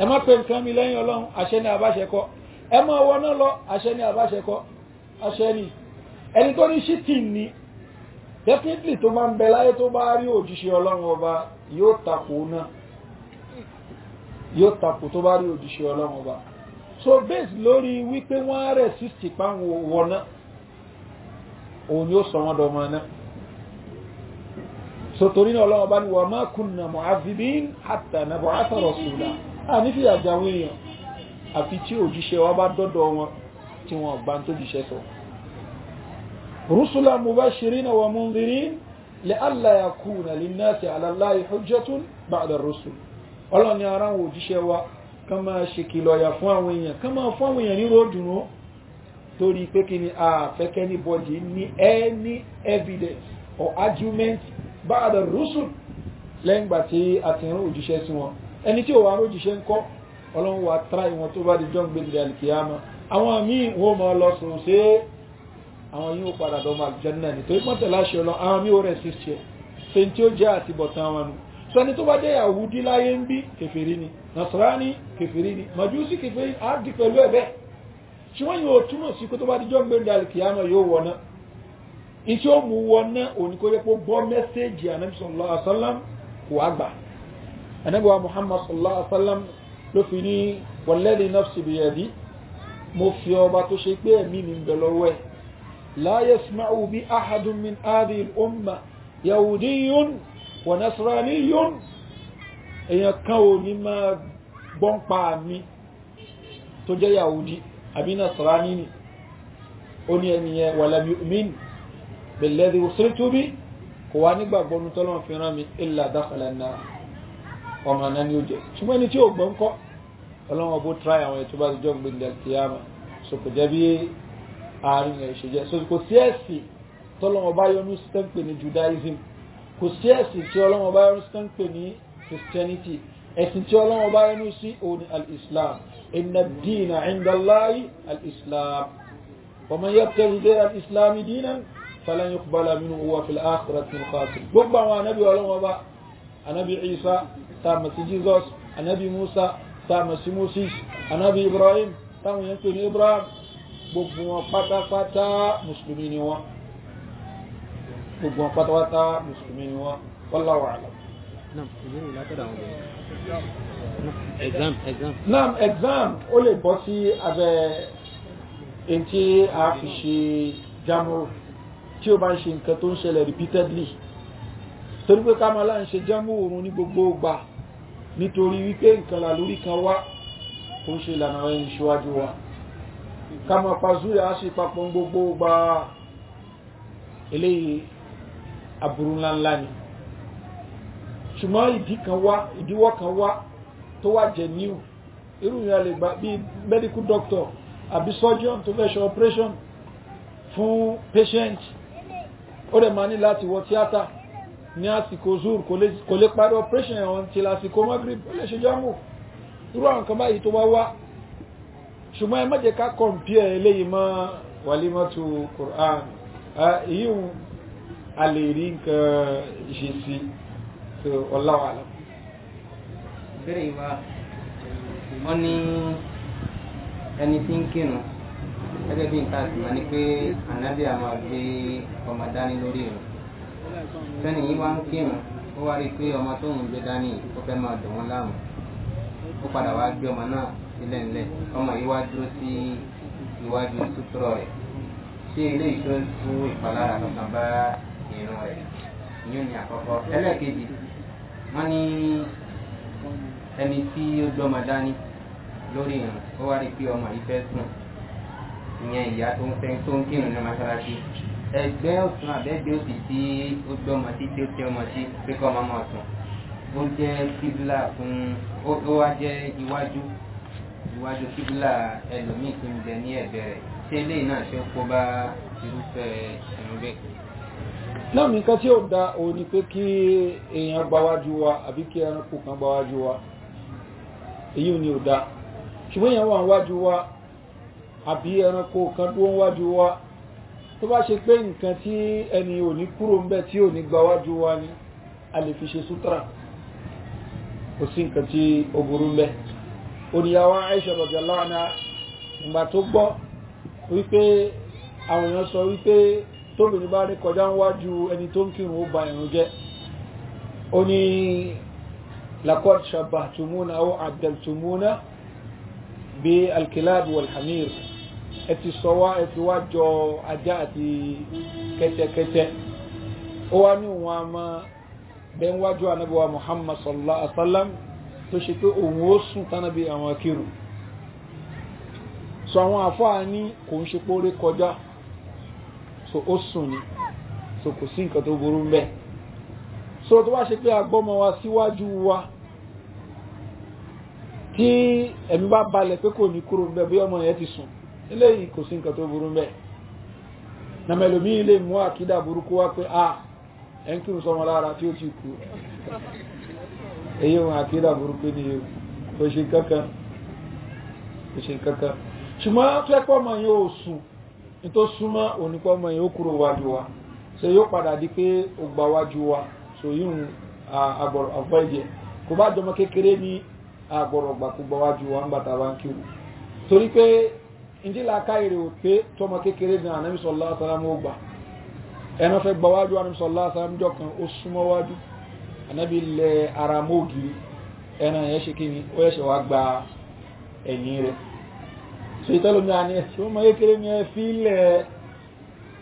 ẹ máa pè nǹkan mi lẹ́yìn ọlọ́run àṣẹ ni àbáṣẹ kọ́ ẹ máa wọ náà lọ àṣẹ ni àbáṣẹ kọ́ àṣẹ ni ẹni tó ní ṣítì ni definitely tó máa ń bẹ láyé tó bá rí òjíṣẹ́ ọlọ́run ọba yóò takò náà yóò takò tó bá rí òjíṣẹ́ ọlọ́run ọba so based lórí wípé wọ́n á rẹ̀ sísì páwọn wọ̀ náà òun yóò sọ wọ́n dọ̀mọ́ náà so torí náà ọlọ́run ọba ni wa ma kunna mu'adhibin hatta nab'atha rasula a nífi àjàwọn èèyàn àfi tí òjíṣẹ́ wa bá dọ́dọ̀ wọn tí wọ́n bá ń tó jíṣẹ́ sọ rusula mubashirina wa mundhirin la'alla yakuna linnasi ala Allahi hujjatun ba'da rusul ọlọ́ni ara wọn òjíṣẹ́ wa kán máa ṣe kìlọ̀yà fún àwọn èèyàn kán máa fún àwọn èèyàn ní ròdùnú torí pé kí ni àfẹ́kẹ́ ní bọ́dì ní any evidence or argument báadà rúsùn lẹ́ngbà tí a ti rán òjíṣẹ́ sí wọn ẹni tí ò wá rójíṣẹ́ ń kọ́ ọlọ́run wa try wọn tó bá di john gbẹ̀dẹ̀ alikiyama àwọn míì wọ́n máa lọ sùn sí àwọn yìí ó padà dọ́mọ àlùjànnà nítorí pọ́ńtẹ̀ láṣẹ ọlọ́run àwọn míì ó rẹ̀ sí ṣe ṣe tí ó jẹ́ àtibọ̀tán wọn nù sọni tó bá jẹ́ yahudi láyé ń bí kèfèrí ni nasarani kèfèrí ni majusi kèfèrí àádì pẹ̀lú ẹ̀bẹ́ tí wọ́n yóò túmọ̀ sí kó tó bá díjọ́ gbé dalí kìyàmọ̀ yóò wọná iṣẹ́ ó mú wọná òní kó yẹ kó gbọ́ mẹ́sẹ́jì anabi sallallahu alaihi wasallam kò àgbà anabi wa muhammad sallallahu alaihi wasallam ló fi ní walladhi nafsi biyadi mo fi ọba tó ṣe pé ẹ̀mí mi ń lọ́wọ́ ẹ̀ la yasma'u bi ahadun adil umma yahudiyun wa nasraniyun èèyàn kan ò ní máa gbọ́n pa mi tó jẹ́ yahudi àbí nasrani ni ó ní ẹni yẹn wa lam yu'min billadhi ursiltu bi kò wá nígbàgbọ́ ní tọ́lọ́run fi ni ó jẹ ṣùgbọ́n ẹni tí ò gbọ́n kọ́ ọlọ́wọ́n bí kò sí ẹ̀sìn tọ́lọ́wọ́n bá yọnu sí tẹ́ǹpẹ̀ ní judaism kò sí ẹ̀sìn tí ọlọ́wọ́n bá yọnu sí pé ní christianity ẹ̀sìn tí ọlọ́wọ́n bá yọnu sí òun ni al-islam inna ad-dina 'inda Allahi al-islam wa man yabtaghi ghayra al-islam dinan falan yuqbala minhu wa huwa ni wọn gbogbo wọn pátápátá mùsùlùmí ni wọn wallahu a'lam. exam naam exam ó lè bọ́ sí abẹ́ etí a fi ṣe jámọ́ tí o bá ń ṣe nǹkan tó ń ṣẹlẹ̀ repeatedly torí pé ká máa láà ń ṣe jámọ́ òrun ní gbogbo ìgbà nítorí wípé nǹkan làlórí kan wá tó ń ṣe ìlànà ẹni ṣíwájú wa ká máa pa zúrẹ̀ á ṣe papọ̀ gbogbo ìgbà eléyìí aburú ńláńlá ni ṣùgbọ́n ìdí kan wá ìdíwọ́ kan wá tó wà jẹ new irú ìyá lè gba bí medical doctor àbí surgeon tó fẹ́ ṣe operation fún patient ó dẹ̀ máa ní láti wọ tíátà ní àsìkò zur kò lè parí operation ẹ̀wọ̀n ti lásìkò magrib ó lè ṣe jámù irú àwọn kan báyìí tó bá wá ṣùgbọ́n ẹ má jẹ́ ká compare eléyìí mọ́ tu Qur'an èyí a lè rí nǹkan ṣe sí so ọláwà lọ. ìbéèrè wa wọ́n ní ẹni tí ń kírun gẹ́gẹ́ bí nǹkan àtìmọ́ ni pé ànábì a máa gbé ọmọ dání lórí rẹ̀ sẹ́ni yìí wá ń kírun ó wá rí i pé ọmọ tó ń gbé dání ó fẹ́ máa dùn ún láàmú ó padà wá gbé ọmọ náà sílẹ̀ ńlẹ̀ ọmọ yìí wá dúró sí iwájú sútúrọ̀ rẹ̀ ṣé ilé ìṣó ń tú ìpalára kankan bá ìrun rẹ̀ ìyún ni àkọ́kọ́ ẹlẹ́ẹ̀kejì wọ́n ní ẹni tí ó gbọ́mọ dání lórí ìrun ó wá rí pé ọmọ yìí fẹ́ sùn ìyẹn ìyá tó ń fẹ́ tó ń kírun ní mọ́ṣáláṣí ẹgbẹ́ ọ̀tún àbẹ́gbẹ́ òsì tí ó gbọ́mọ sí tí ó tẹ ọmọ sí pé kọ́ ọmọ ọmọ ọ̀tún ó jẹ́ kíbílà fún ó wá jẹ́ iwájú iwájú kíbílà ẹlòmíì tó ń bẹ ní ẹ̀gbẹ́ rẹ̀ ṣé eléyìí náà ṣe kó bá irúfẹ́ ẹ̀rùn bẹ́ẹ̀ náà nǹkan tí ó da òun ni pé kí èèyàn gbáwájú wa àbí kí ẹranko kan gbáwájú wa èyí ò ní ò da ṣùgbọ́n èèyàn wà wájú wa àbí ẹranko kan tó ń wájú wa tó bá ṣe pé nǹkan tí ẹni ò ní kúrò ń bẹ̀ tí ò ní gbáwájú wa ni a lè fi ṣe sútra kò sí nǹkan tí ó burú ń oníyàwó Aisha radiyallahu anha ìgbà tó gbọ́ wípé àwọn sọ wípé tóbìnrin bá rí kọjá ń wájú ẹni tó ń kírun ó ba ìrun jẹ́ ó ní lakọ́d ṣàbà tùmúnà ó àdàl tùmúnà bí alkilab walhamir ẹ ti sọ wá ẹ ti wá jọ ajá àti kẹ́tẹ́kẹ́tẹ́ ó wá ní òun a máa bẹ́ ń wájú anábíwá muhammad sallallahu alaihi wasallam tó ṣe pé òun ó sùn tánàbí àwọn akírun sọ àwọn àfáà ní kò ń ṣe pórí kọjá so ó ni so kò sí nǹkan tó burú so tó ṣe pé agbọ́mọ wa síwájú wa tí ẹ̀mí bá balẹ̀ pé kò ní kúrò ń bẹ bí ọmọ yẹn ti sùn eléyìí kò sí nǹkan tó burú ń bẹ a ah, ẹ ń kírun sọmọ lára tí ó ti kú èyí òun àkídà burúkú ni kò ṣe kankan kò ṣe kankan ṣùgbọ́n tó súnmọ́ onípọ̀ ọmọ yìí ó kúrò wájú wa so yóò padà di pé ó gba wájú wa so yìí ń agbọ̀rọ̀ avoid ẹ̀ kò bá jọmọ kékeré ní agbọ̀rọ̀ gbà kó gba wájú wa ń gbàtà wá ń kírun torí pé ìdílé akáyèrè ò pé tọmọ kékeré gan Ànábì gba wájú so ìtẹ́lómi àní ẹ̀sìn ó mọ ékeré ní ẹ fi ilẹ̀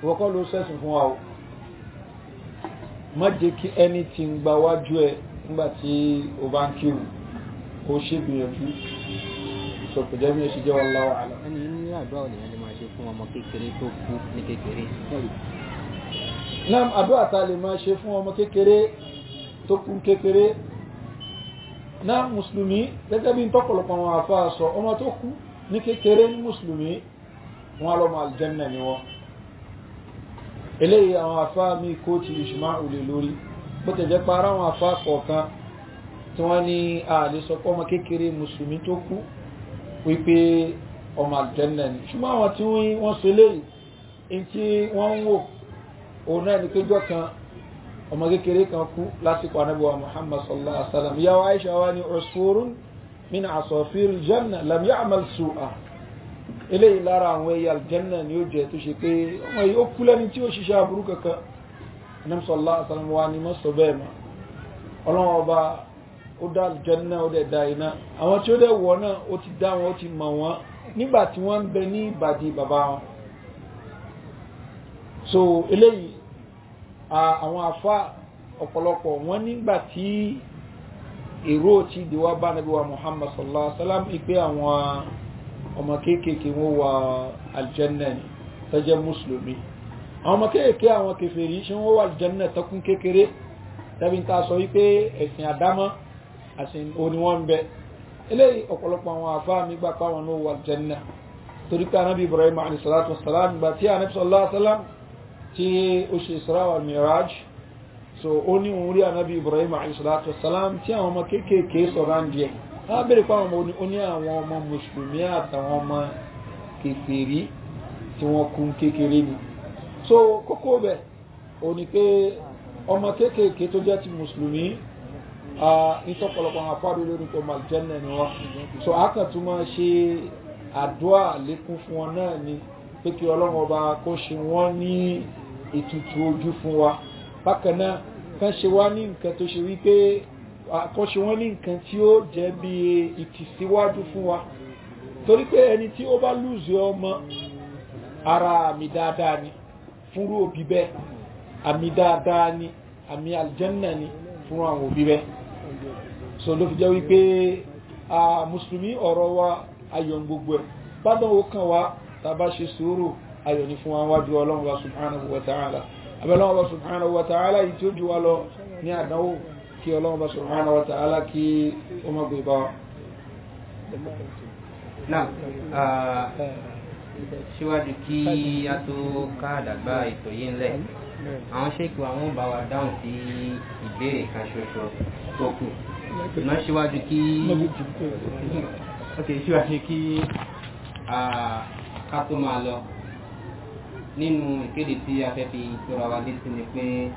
wọ́kọ́ ló sẹ́sùn fún wa o má jẹ́ kí ẹni tí ń gba wájú ẹ nígbà tí o bá ń kírù kó ṣe gbìyànjú sọ pé jẹ́ bí ẹ ṣe jẹ́ wọn láwọ àlọ́. ẹni ní àdúrà ò lèyàn lè máa ṣe fún ọmọ kékeré tó kú ní kékeré. náà àdúrà ta lè máa ṣe fún ọmọ kékeré tó kú kékeré náà mùsùlùmí gẹ́gẹ́ bí ń tọ́pọ̀lọpọ̀ àwọn àfa sọ ọmọ tó kú ní kékeré ní mùsùlùmí wọn lọ́mọ aljanna ni wọn eléyìí àwọn afá mi kó ti ìṣùmá òlè lórí bó tẹ̀ jẹ́ para àwọn afá kọ̀ọ̀kan tí wọ́n ní ààlè sọ pé ọmọ kékeré mùsùlùmí tó kú wípé ọmọ aljanna ni ṣùgbọ́n àwọn tí wọ́n ṣe léyìí in tí wọ́n ń wò òun náà ní péjọ kan ọmọ kékeré kan kú lásìkò anábíwá Muhammad sallallahu alaihi wa sallam ìyá Aisha wa ni usfurun min asọ̀fíìr janna lam ya'mal su'a eléyìí lára àwọn ẹyà aljanna ni ó jẹ́ tó ṣe pé ọmọ yìí ó kú lẹ́ni tí ó ṣiṣẹ́ aburú kankan anamsọ̀lá àsàlámù wa ni mọ́ sọ bẹ́ẹ̀ mọ́ ọlọ́wọ́ ọba ó dá aljanna ó dẹ̀ dá iná àwọn tí ó dẹ̀ wọ̀ náà ó ti dá wọn ó ti mọ̀ wọn nígbà tí wọ́n ń bẹ ní ìbàdí bàbá wọn so eléyìí àwọn àfa ọ̀pọ̀lọpọ̀ wọn nígbà tí èrò tí ìdíwá bá nàbí wa muhammad sallallahu alaihi wasallam ìpé àwọn ọmọ kéèkéèké wọ́n wà aljanna ni tẹ́jẹ́ mùsùlùmí àwọn ọmọ kéèkéèké àwọn kèfèrí ṣe wọ́n wà aljanna takún kékeré tẹ́bí ta sọ wípé ẹ̀sìn àdámọ́ àsìn oníwọ́n bẹ eléyìí ọ̀pọ̀lọpọ̀ àwọn àfáà mi gbà pa wọn wà aljanna torí pé anábì ibrahim alayhi salatu wasalam gbà tí anábì sallallahu alaihi tí ó ṣe isra wal so oni ní òun rí anábì ibrahim alayhisalatu wasalam tí àwọn ọmọ kéékèèké sọ̀rọ̀ ń díẹ̀ á bèrè pé àwọn ó ní àwọn ọmọ mùsùlùmí àtàwọn ọmọ kékeré tí wọ́n kún kékeré ni so kókó bẹ̀ ó ní pé ọmọ kéékèèké tó jẹ́ ti mùsùlùmí ìtọ́pọ̀lọpọ̀ àwọn afárí lórí pé màlìjẹ́nà ni wọ́n so àkàtún máa ṣe àdúrà lékún fún wọn náà ni pé kí ọlọ́run ọba kó ṣe wọ́n ní ìtùtù ojú fún wa bákan náà kan ṣe wá ní nǹkan tó ṣe wípé àkọ́ṣe wọ́n ní nǹkan tí ó jẹ́ bí ìtìsíwájú fún wa torí pé ẹni tí ó bá lùzì ọmọ ara àmì dáadáa ni fúnrú òbí bẹ́ẹ̀ àmì dáadáa ni àmì aljanna ni fún àwọn òbí bẹ́ẹ̀ so ló fi jẹ́ wípé a mùsùlùmí ọ̀rọ̀ wa ayọ̀ gbogbo ẹ̀ bá dánwò kan wa tàbá ṣe sùúrù ayọ̀ ni fún wa wájú ọlọ́run wa subhanahu wa ta'ala abẹ́lẹ́ ọba subhanahu wa ta'ala yìí tí ó jù wá lọ ní àdánwò kí ọlọ́run ọba subhanahu wa ta'ala kí ó má gbé bá wa. náà síwájú kí a tó ká àdàgbà ètò yìí ńlẹ̀ àwọn ṣéèkì àwọn bá wa dáhùn sí ìbéèrè kan ṣoṣo tó kù ṣùgbọ́n síwájú kí ok síwájú kí ká tó máa lọ nínú ìkéde tí a fẹ́ fi tóra wa létí ni pé.